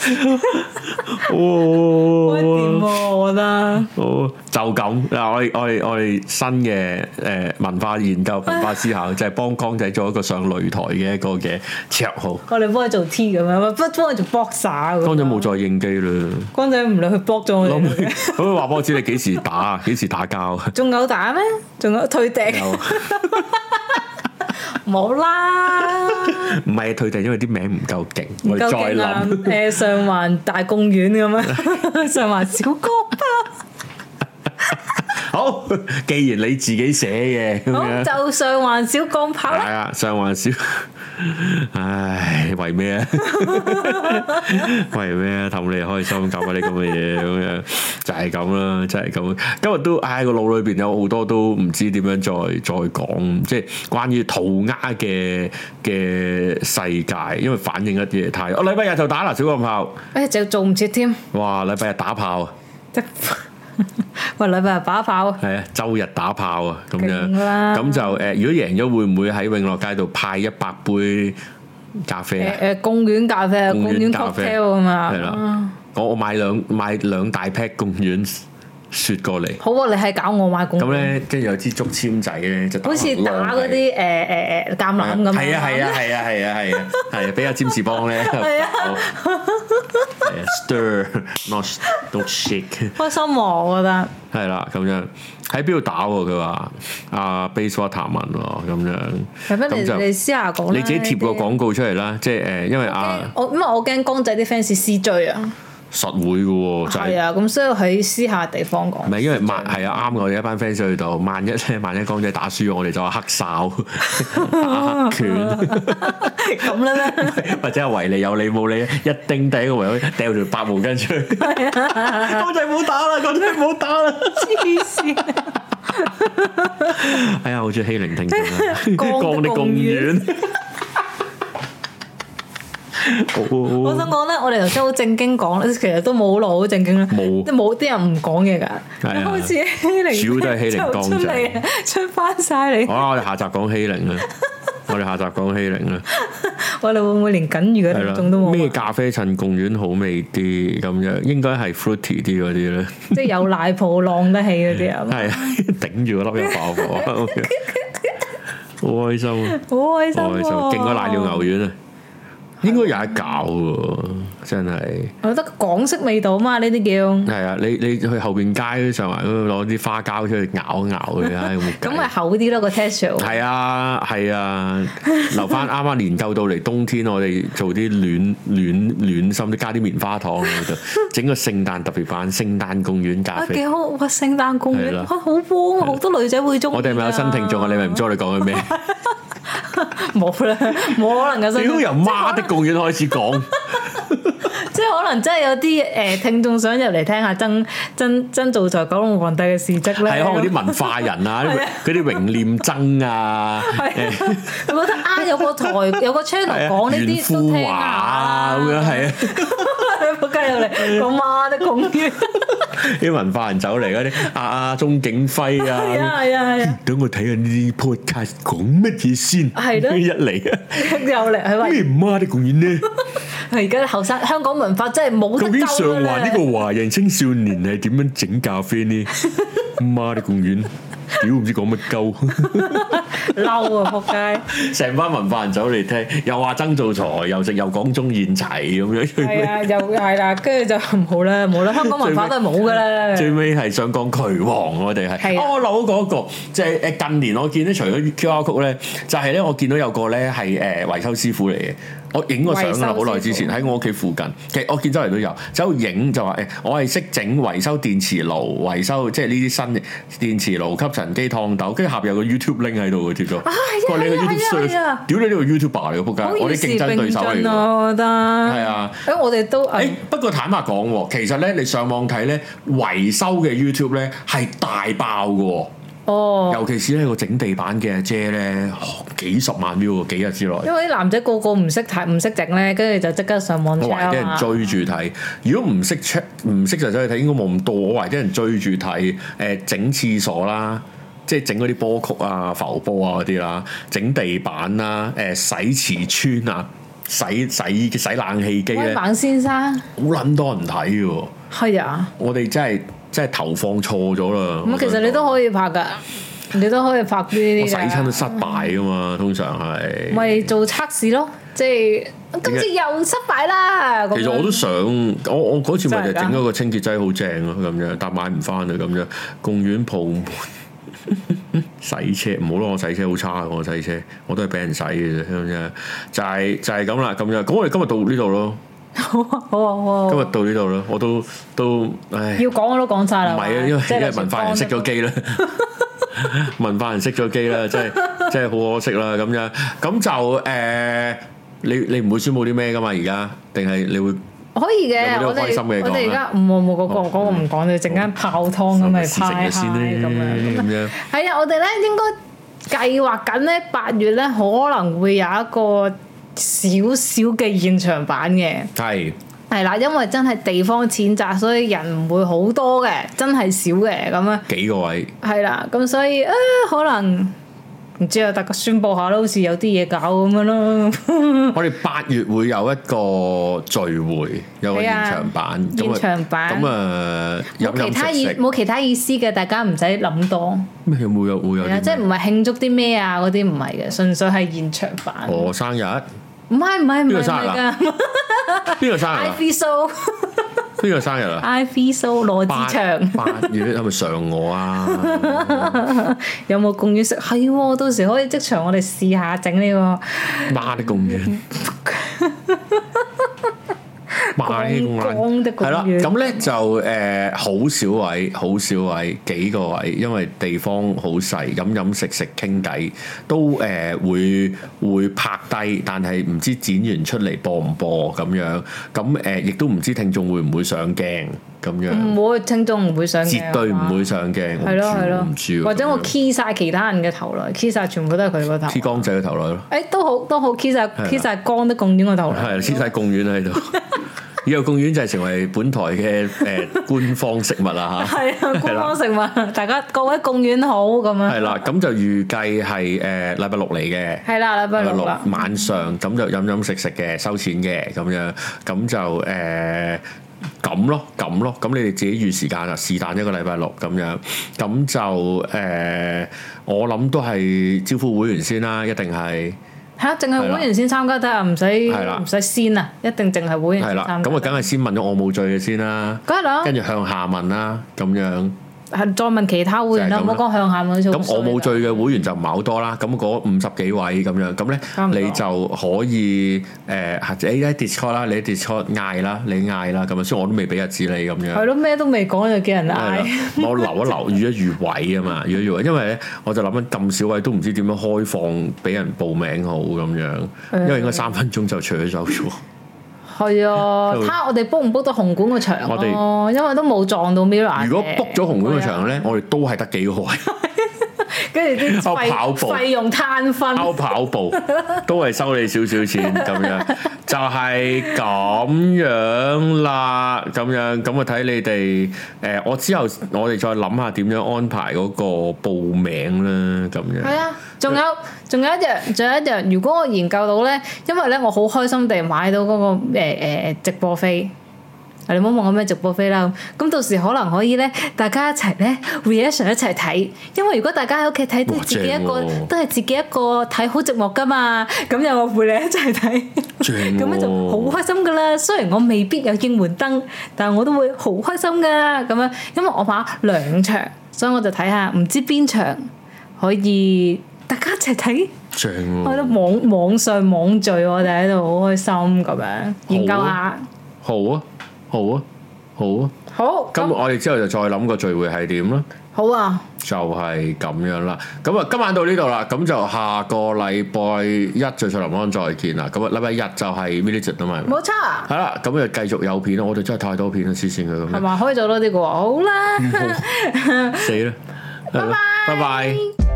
哇！點、 哦、 啊，我覺得哦，就咁嗱，我我我哋新嘅誒文化研究、文化思考，唉 就係幫光仔做一個上擂台嘅一個嘅綽號。我哋幫佢做 T 咁樣，不幫佢做 boxer。光仔冇再應機啦，光仔唔理佢搏咗，咁樣話波知你幾時打啊？幾 時打交？仲有打咩？仲有退敵？ 冇啦，唔係佢哋，因為啲名唔夠勁，咪再諗誒上環大公園咁樣，上環小角啦。好，既然你自己寫嘅，好樣就上環小鋼炮啦。係啊，上環小，唉，為咩啊？ 為咩啊？氹你開心，搞埋啲咁嘅嘢，咁樣就係咁啦，就係咁。今日都，唉，個腦裏邊有好多都唔知點樣再再講，即係關於塗鴉嘅嘅世界，因為反映一啲嘢太。我、哦、禮拜日就打啦，小鋼炮，哎，就做唔切添。哇，禮拜日打炮。 喂，禮拜日打炮係啊，周日打炮啊，咁樣咁就誒、呃，如果贏咗會唔會喺永樂街度派一百杯咖啡？誒、呃，貢、呃、丸咖啡，貢丸公園 咖啡啊嘛，係啦，我我買兩買兩大 pack 貢丸。説過嚟，好喎！你係搞我買公，咁咧跟住有支竹籤仔咧，就好似打嗰啲誒誒誒橄欖咁，係啊係啊係啊係啊係啊，係俾阿占士邦咧，係啊，stir not don't shake，開心喎，我覺得係啦，咁樣喺邊度打喎？佢話阿 Baseball 譚文喎，咁樣咁就你自己貼個廣告出嚟啦，即係誒，因為啊，我因為我驚公仔啲 fans 私追啊。實會嘅喎，就係啊，咁所以喺私下地方講，唔係因為萬係啊，啱我哋一班 fans 去到萬一咧，萬一光仔打輸，我哋就黑哨打黑拳咁啦啦，或者係為你有你冇你一定第一個回合掉條白毛巾出嚟，光仔唔好打啦，光仔唔好打啦，黐線！哎呀，好中意欺凌聽眾的公園。我想講咧，我哋頭先好正經講，其實都冇落好正經啦，冇，冇啲人唔講嘢噶，好似欺凌，笑低欺凌，出嚟，出翻晒嚟。啊，我哋下集講欺凌啦，我哋下集講欺凌啦。我哋會唔會連僅餘嘅聽眾都冇？咩咖啡襯貢丸好味啲咁樣？應該係 fruity 啲嗰啲咧，即係有奶泡浪得起嗰啲啊？係啊，頂住嗰粒有爆火，好開心啊！好開心，勁過瀨尿牛丸啊！應該有一嚿喎，真係。我覺得港式味道嘛，呢啲叫。係啊，你你去後邊街嗰啲上埋，攞啲花膠出去咬一咬，一咬，佢咁咪厚啲咯，個 texture 係啊，係啊，啊 留翻啱啱年夠到嚟冬天我，我哋做啲暖暖暖心啲，加啲棉花糖，整 個聖誕特別版聖誕公園咖啡。幾、哎、好哇！聖誕公園、啊、哇，好波、啊啊，好多女仔會中意。我哋咪有新聽眾啊！你咪唔知我哋講緊咩？冇啦，冇可能嘅。都由媽的公園開始講， 即係可能真聽聽真，真係有啲誒聽眾想入嚟聽下曾曾曾灶財九龍皇帝嘅事跡咧。睇下嗰啲文化人啊，嗰啲榮念曾啊，係咪覺得啊有個台有個 channel 講呢啲都聽啊？咁樣係啊，入嚟講媽的公園。 啲文化人走嚟嗰啲阿阿鍾景輝啊，輝啊 yeah, yeah, yeah. 等我睇下呢啲撲街講乜嘢先。係咯 Yeah, yeah.，一嚟有啦，係咪？ 咩媽啲公園呢？而家後生香港文化真係冇。究竟上環呢個華人青少年係點樣整咖啡呢？媽啲 公園。屌，唔知講乜鳩，嬲啊仆街！成班文化人走嚟聽，又話曾灶財，又直又講鍾燕齊咁樣。係啊， 又係啦，跟住就唔好啦，冇啦，香港文化都係冇噶啦。最尾係想講渠王的、哦、我哋係，阿老嗰個，即係誒近年我見咧，除咗 QR Code 咧，就係咧，我見到有個咧係誒維修師傅嚟嘅。我影過相啦，好耐之前喺我屋企附近，其實我見周圍都有，走去影就話誒、欸，我係識整維修電磁爐、維修即係呢啲新電磁爐吸塵機燙斗，跟住下邊有個 YouTube link 喺度嘅，YouTube，屌你呢 you 個 YouTuber 嚟嘅仆街，我啲競爭對手嚟嘅。係啊，誒呀、欸、我哋都誒，不過坦白講，其實咧你上網睇咧維修嘅 YouTube 咧係大爆嘅。尤其是咧個整地板嘅阿姐咧、哦，幾十萬秒 i，幾日之內。因為啲男仔個個唔識睇唔識整咧，跟住就即刻上網。我懷疑啲人追住睇，如果唔識 check 唔識就走去睇，應該冇咁多。我懷疑啲人追住睇誒整廁所啦，即係整嗰啲波曲啊、浮波啊嗰啲啦，整地板啊、誒洗瓷磚啊、洗洗洗，洗冷氣機咧。先生，好撚多人睇嘅，係啊嗎！我哋真係。即係投放錯咗啦！咁其實你都可以拍噶， 你都可以拍呢啲我洗親都失敗噶嘛， 通常係咪做測試咯？即、就、係、是、其實今次又失敗啦！其實我都想，嗯、我我嗰次咪就整咗個清潔劑好正咯，咁樣，但買唔翻啊，咁樣。公園鋪 洗車唔好咯，我洗車好差，我洗車我都係俾人洗嘅啫，咁樣就係、是、就係咁啦，樣今日講我哋今日到呢度咯。好啊好啊好啊！今日到呢度啦，我都都唉，要講我都講晒啦。唔係啊，因為因為文化人熄咗機啦，文化人熄咗機啦，即係即係好可惜啦，咁樣咁就誒，你你唔會宣布啲咩㗎嘛？而家定係你會？可以嘅，有咩開心嘅嘢講？我哋而家唔我冇嗰個嗰個唔講，你陣間泡湯咁咪食嘢先咁樣。係啊，我哋咧應該計劃緊咧八月咧可能會有一個。少少嘅現場版嘅，係係啦，因為真係地方淺窄，所以人唔會好多嘅，真係少嘅咁啊。幾個位係啦，咁所以啊，可能唔知啊，大家宣佈下咯，好似有啲嘢搞咁樣咯。 我哋八月會有一個聚會，有個現場版，的現場版咁啊，有、呃、其他意冇其他意思嘅，大家唔使諗多。咩有冇有冇有？有即係唔係慶祝啲咩啊？嗰啲唔係嘅，純粹係現場版。我生日。唔係唔係唔係㗎，邊個生日啊？邊個生日啊？Ivico，邊個生日啊？Ivico 羅志祥，八月有冇 上我啊？ 有冇貢丸食？係 喎、哦，到時可以即場我哋試下整呢、這個。媽的貢丸。 買光的係啦，咁咧了、嗯、就誒，好、呃、少位，好少位，幾個位，因為地方好細，飲飲食食傾偈，都誒、呃、會會拍低，但係唔知剪完出嚟播唔播咁樣，咁誒、呃、亦都唔知聽眾會唔會上鏡。咁樣唔會聽眾唔會上鏡，絕對唔會上鏡。係咯係咯，唔住或者我 key 曬其他人嘅頭咯，key 曬全部都係佢個頭。key 光仔嘅頭咯。誒都好都好，key 曬 key 曬光都貢丸嘅頭。係，key 曬貢丸喺度。以後貢丸就係成為本台嘅誒官方食物啦嚇。係啊，官方食物，大家各位貢丸好咁樣。係啦，咁就預計係誒禮拜六嚟嘅。係啦，禮拜六啦。晚上咁就飲飲食食嘅，收錢嘅咁樣，咁就誒。咁咯，咁咯，咁你哋自己預時間啊，是但一個禮拜六咁樣，咁就誒、呃，我諗都係招呼會員先啦，一定係吓，淨係會員先參加得啊，唔使唔使先啊，一定淨係會員係啦，咁啊，梗係先問咗我冇罪嘅先啦，梗係囉，跟住向下問啦，啊，咁樣。再問其他會員啦，唔好講向下咁。咁我冇聚嘅會員就唔係好多啦。咁嗰五十幾位咁樣，咁咧你就可以誒或者 A I Discord, Discord，啦，你 Discord 嗌啦，你嗌啦咁樣。所以我都未俾個子你咁樣。係咯，咩都未講就叫人嗌。我留一留，預 一預位啊嘛，預一預位。因為咧，我就諗緊咁少位都唔知點樣開放俾人報名好咁樣。的因為應該三分鐘就搶走咗。 係啊，睇下以我哋 book 唔 book 到紅館個場，啊、我哋們因為都冇撞到 Mirror。如果 book 咗紅館個場咧，啊、我哋都係得幾個。 跟住啲費跑步費用攤分，包跑，跑步 都係收你少少錢咁樣， 就係咁樣啦，咁樣，咁我睇你哋誒、呃，我之後我哋再諗下點樣安排嗰個報名啦，咁樣。係啊，仲有、仲以有一樣，仲有一樣，如果我研究到咧，因為咧我好開心地買到嗰、那個誒誒、呃呃、直播飛。你唔好問我咩直播飛啦，咁到時可能可以咧，大家一齊咧 reaction 一齊睇，因為如果大家喺屋企睇都係自己一個，都係自己一個睇好寂寞噶嘛，咁有我陪你一齊睇，咁樣就好開心噶啦。雖然我未必有應援燈，但係我都會好開心噶。咁樣因為我買兩場，所以我就睇下唔知邊場可以大家一齊睇，我覺得網網上網聚我哋喺度好開心咁樣研究下，好啊。好啊，好啊，好。咁我哋之後就再諗個聚會係點啦。好啊，就係咁樣啦。咁啊，今晚到呢度啦。咁就下個禮拜一再出林安再見啦。咁啊，禮拜日就係 midnight 啊嘛，冇錯。係啦，咁就繼續有片咯。我哋真係太多片啦，黐線嘅咁。係話可以做多啲個？好啦， 好，死啦，拜拜。